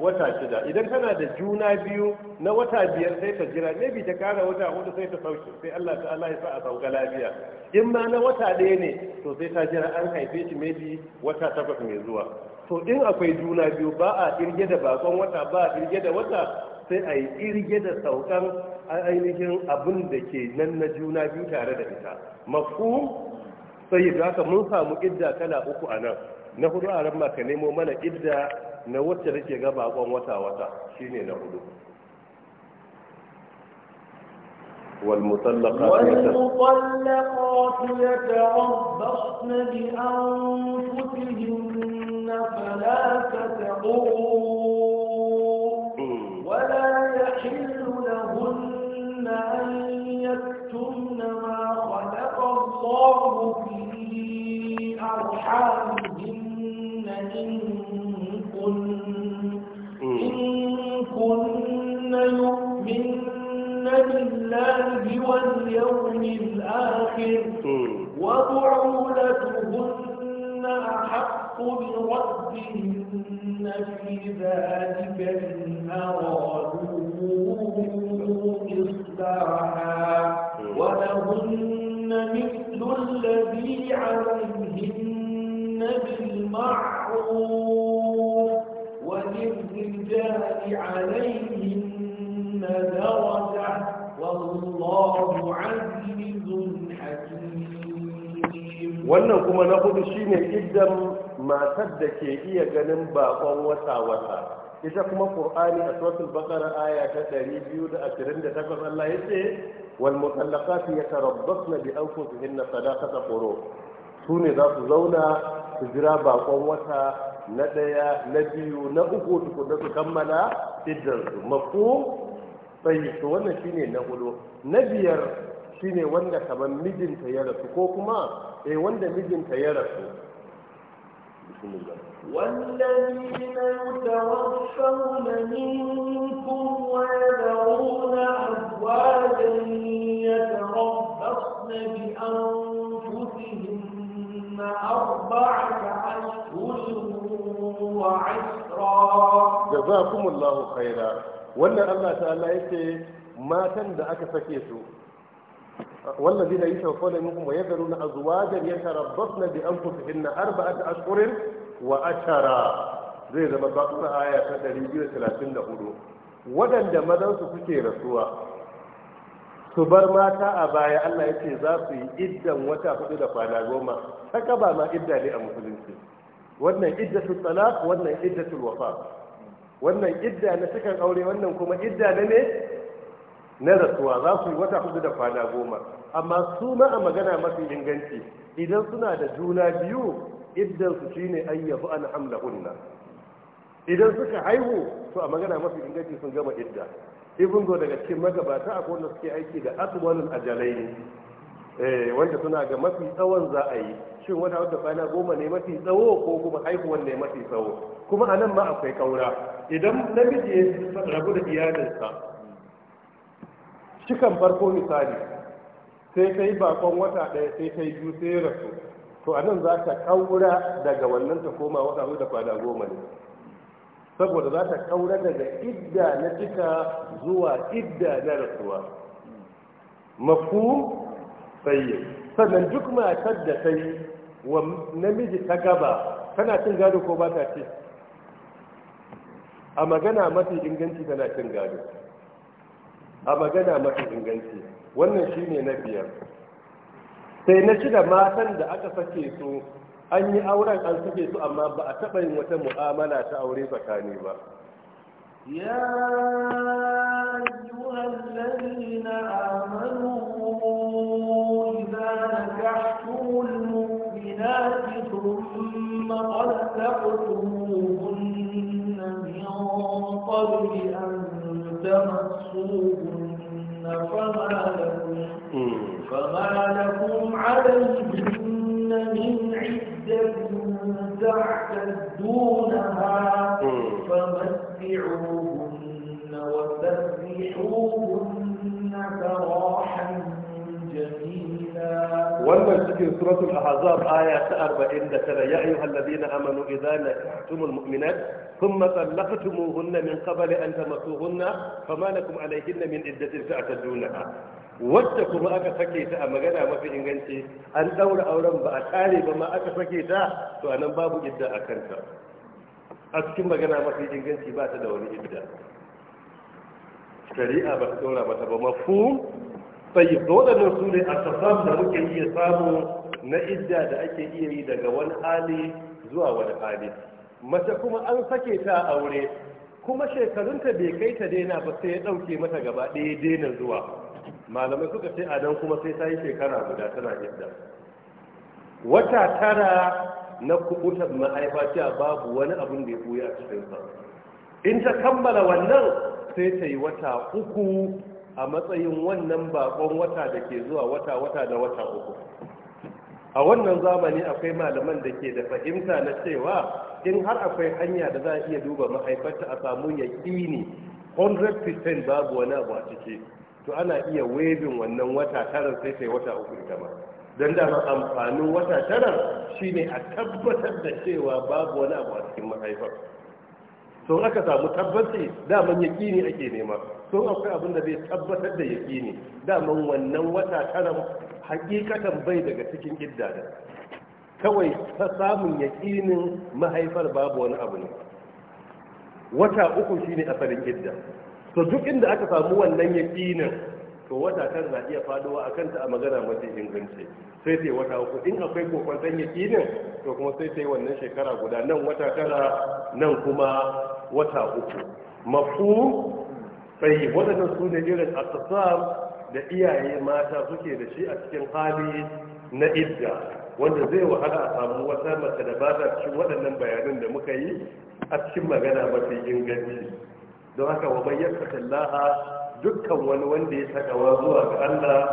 wata shida idan tana da juna biyu na wata biyar sai ta jira maybe ta kara wata hudu sai ta sauke sai Allah Allah ya sa a sauka lafiya in ma na wata ɗaya ne to sai ta jira an haife shi maybe wata takwas mai zuwa to in akwai juna biyu ba a kirge da bakon wata ba a kirge da wata sai a yi kirge da saukan ainihin abin da ke nan na juna biyu tare da ita mafu sai da haka mun samu idda kala uku a nan na hudu a ran ka nemo mana idda na wacce ke ga bakon wata wata shine na hudu والمطلقات والمطلقات يتربصن بأنفسهن فلا تتقون الله في أرحامهن إن كن يؤمن بالله واليوم الآخر وبعولتهن أحق بردهن في ذلك إن أرادوا ولهن من عليهن بالمعروف وللرجال عليهن درجة والله عزيز wannan kuma na hudu shine idan matar da ke iya ganin bakon wata-wata ita kuma ƙur'ani a suratul baqara aya ta 228 Allah yace wal mutallaqat na bi anfusihinna ta quru su ne za su zauna su jira bakon wata na ɗaya na biyu na uku da su kammala su mafu tsayi su wannan shine na hudu na biyar shine wanda kamar mijinta ya rasu ko kuma eh wanda mijinta ya rasu والذين يتوفون منكم ويذرون أزواجا يتربصن بأنفسهم أربعة أشهر وعشرا جزاكم الله خيرا wannan Allah ta'ala yake matan da aka sake su Wannan wallazi da yake kawai minkum wa yadruna azwajan yatarabbasna bi anfusihinna arba'ata ashhurin wa ashara zai zama bakuna aya ta 234 Waɗanda mazan su suke rasuwa su bar mata a baya Allah ya ce za su yi iddan wata hudu da kwana goma saka ba ma idda ne a musulunci wannan idda su tsala, wannan idda su wafa wannan idda na cikin aure wannan kuma idda na ne na rasuwa za su yi wata hudu da kwana goma amma su ma a magana mafi inganci idan suna da juna biyu iddan su shine ayyahu an hunna idan suka haihu to a magana mafi inganci sun gama idda ibn go daga cikin magabata akwai wanda suke aiki da aswalul ajalai ne eh, wanda suna ga mafi tsawon za a yi shin wata wadda kwana goma ne mafi tsawo ko kuma haihuwan ne mafi tsawo kuma a nan ma akwai kaura idan namiji ya rabu da iyalinsa cikan farko misali sai ta yi bakon wata ɗaya sai ta yi biyu sai rasu to a nan za ta kaura daga wannan ta koma wata da kwana goma ne saboda za ta kaura daga idda na cika zuwa idda na rasuwa mafu tsaye sannan duk matar da ta yi wa namiji ta gaba tana cin gado ko ba ta ce a magana mafi inganci tana cin gado a magana mafi inganci wannan shine na biyar sai na shida matan da aka sake su an yi auren an suke su amma ba a taɓa yin wata mu'amala ta aure tsakani ba يا أيها الذين آمنوا إذا نكحتم المؤمنات ثم طلقتموهن من قبل أن تمسوهن فما لكم, فما لكم عليهن من حجة تعتدونها wannan cikin suratul ahzab aya ta 49 ya ayyuhal ladina amanu idza nakahtumul mu'minat thumma talaqtumuhunna min qabli an tamassuhunna fama lakum alayhinna min iddatin ta'tadunaha wacce kuma aka sake ta a magana mafi inganci an daura auren ba a tare ba ma aka sake ta to anan babu idda a kanta a cikin magana mafi inganci ba ta da wani idda shari'a ba ta daura mata ba mafhum sai waɗannan su ne a sassan da muke iya samu na idda da ake iya yi daga wani hali zuwa wani hali mace kuma an sake ta aure kuma shekarunta bai kai ta daina ba sai ya ɗauke mata gaba ɗaya daina zuwa malamai suka ce a nan kuma sai ta yi shekara guda tana idda wata tara na kubutar mahaifa cewa babu wani abun da ya buya a cikinsa in ta kammala wannan sai ta yi wata uku a matsayin wannan bakon wata da ke zuwa wata wata da wata uku a wannan zamani akwai malaman da ke da fahimta na cewa in har akwai hanya da za a iya duba mahaifarta a samu yaƙini 100% babu wani abu a ciki to ana iya webin wannan wata tarar sai sai wata uku ita ma don dama amfanin wata tara shine a tabbatar da cewa babu wani abu a cikin mahaifar sau aka samu tabbaci daman yaƙini ake nema to akwai abin da zai tabbatar da yaƙini daman wannan wata tara hakikatan bai daga cikin idda kawai ta samun yaƙinin mahaifar babu wani abu ne wata uku shi shine asalin idda So duk inda aka samu wannan yaƙinin to wata kan na iya faduwa a kanta a magana mafi inganci sai sai wata uku in akwai kokon san yakinin to kuma sai sai wannan shekara guda nan wata tara nan kuma wata uku mafu sai waɗannan su ne irin asasam da iyaye mata suke da shi a cikin hali na idda wanda zai wahala a samu wata mace da ba ta cikin waɗannan bayanan da muka yi a cikin magana mafi inganci don haka wa bayyana laha dukkan wani wanda ya sakawa zuwa ga Allah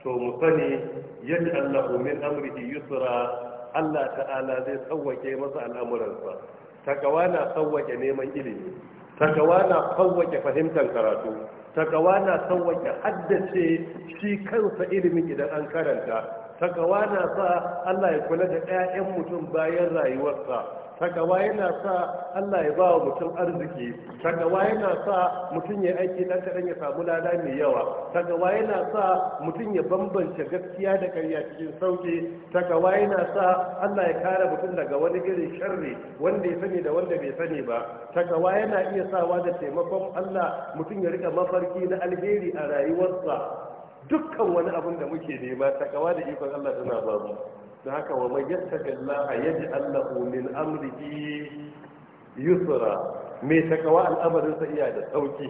to mu sani yadda Allah min amrihi yusra Allah ta'ala zai tsawwake masa al'amuransa takawa na tsawwake neman ilimi takawa na tsawwake fahimtar karatu takawa na tsawwake haddace shi kansa ilimin idan an karanta takawa na sa Allah ya kula da 'ya'yan mutum bayan rayuwarsa takawa yana sa Allah ya ba wa mutum arziki takawa yana sa mutum ya aiki dan kaɗan ya samu lada mai yawa takawa yana sa mutum ya bambance gaskiya da ƙarya cikin sauki takawa yana sa Allah ya kare mutum daga wani irin sharri wanda ya sani da wanda bai sani ba takawa yana iya sawa da taimakon Allah mutum ya rika mafarki na alheri a rayuwarsa dukkan wani abin da muke nema ta kawa da ikon Allah tana ba mu don haka wa yadda Allah ya ji Allah min amriki yusra mai takawa al'amarin sa iya da sauki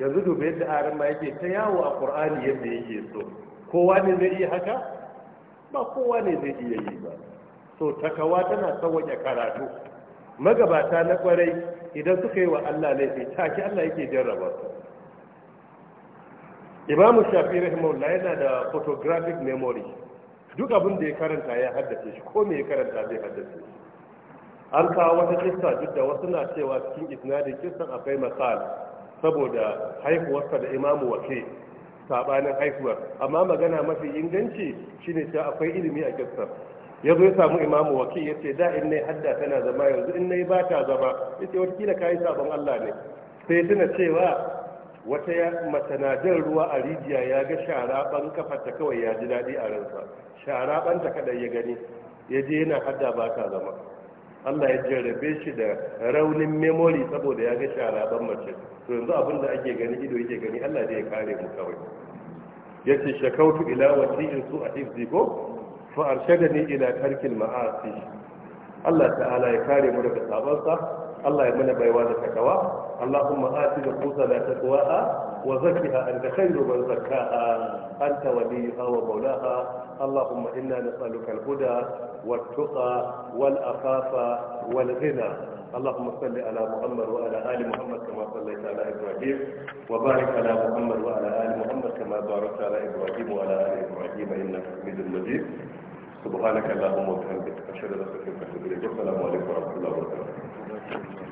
yanzu duba yadda aran ma yake ta yawo a Qur'ani yadda yake so kowa ne zai iya haka ba kowa ne zai iya yi ba so takawa tana sauke karatu magabata na kwarai idan suka yi wa Allah laifi take Allah yake jarraba su Imamu shafi rahimahullah yana da photographic memory duk abin da ya karanta ya haddace shi ko me ya karanta zai haddace shi an kawo wata kissa duk da wasu na cewa cikin isnadin kissan akwai masal saboda haihuwarsa da imamu wake sabanin haihuwar amma magana mafi inganci shine cewa akwai ilimi a kissar ya zo ya samu imamu waki ya ce da in nai hadda tana zama yanzu in nai ba ta zama ya ce kila ka yi sabon allah ne sai tuna cewa wata ya ruwa a rijiya ya ga sharaban kafarta kawai ya ji daɗi a ransa sharaban ta kadai ya gani ya je yana hadda ba ta zama Allah ya jarrabe shi da raunin memori saboda ya ga sharaban mace to yanzu abin da ake gani ido yake gani Allah zai kare mu kawai Ya ce shakautu ila in su a hifzi ko fa'ar shagani ila karkin ma'asi Allah ta'ala ya kare mu daga sabansa الله يمنى بيوانا تكوى اللهم آتي نفوسنا لا تكوى وزكها أنت خير من زكاها أنت وليها ومولاها اللهم إنا نسألك الهدى والتقى والأخاف والغنى اللهم صل على محمد وعلى آل محمد كما صليت على إبراهيم وبارك على محمد وعلى آل محمد كما باركت على إبراهيم وعلى آل إبراهيم إنك حميد مجيد سبحانك اللهم وبحمدك أشهد أن لا إله إلا أنت أستغفرك وأتوب إليك السلام عليكم ورحمة الله وبركاته Amen.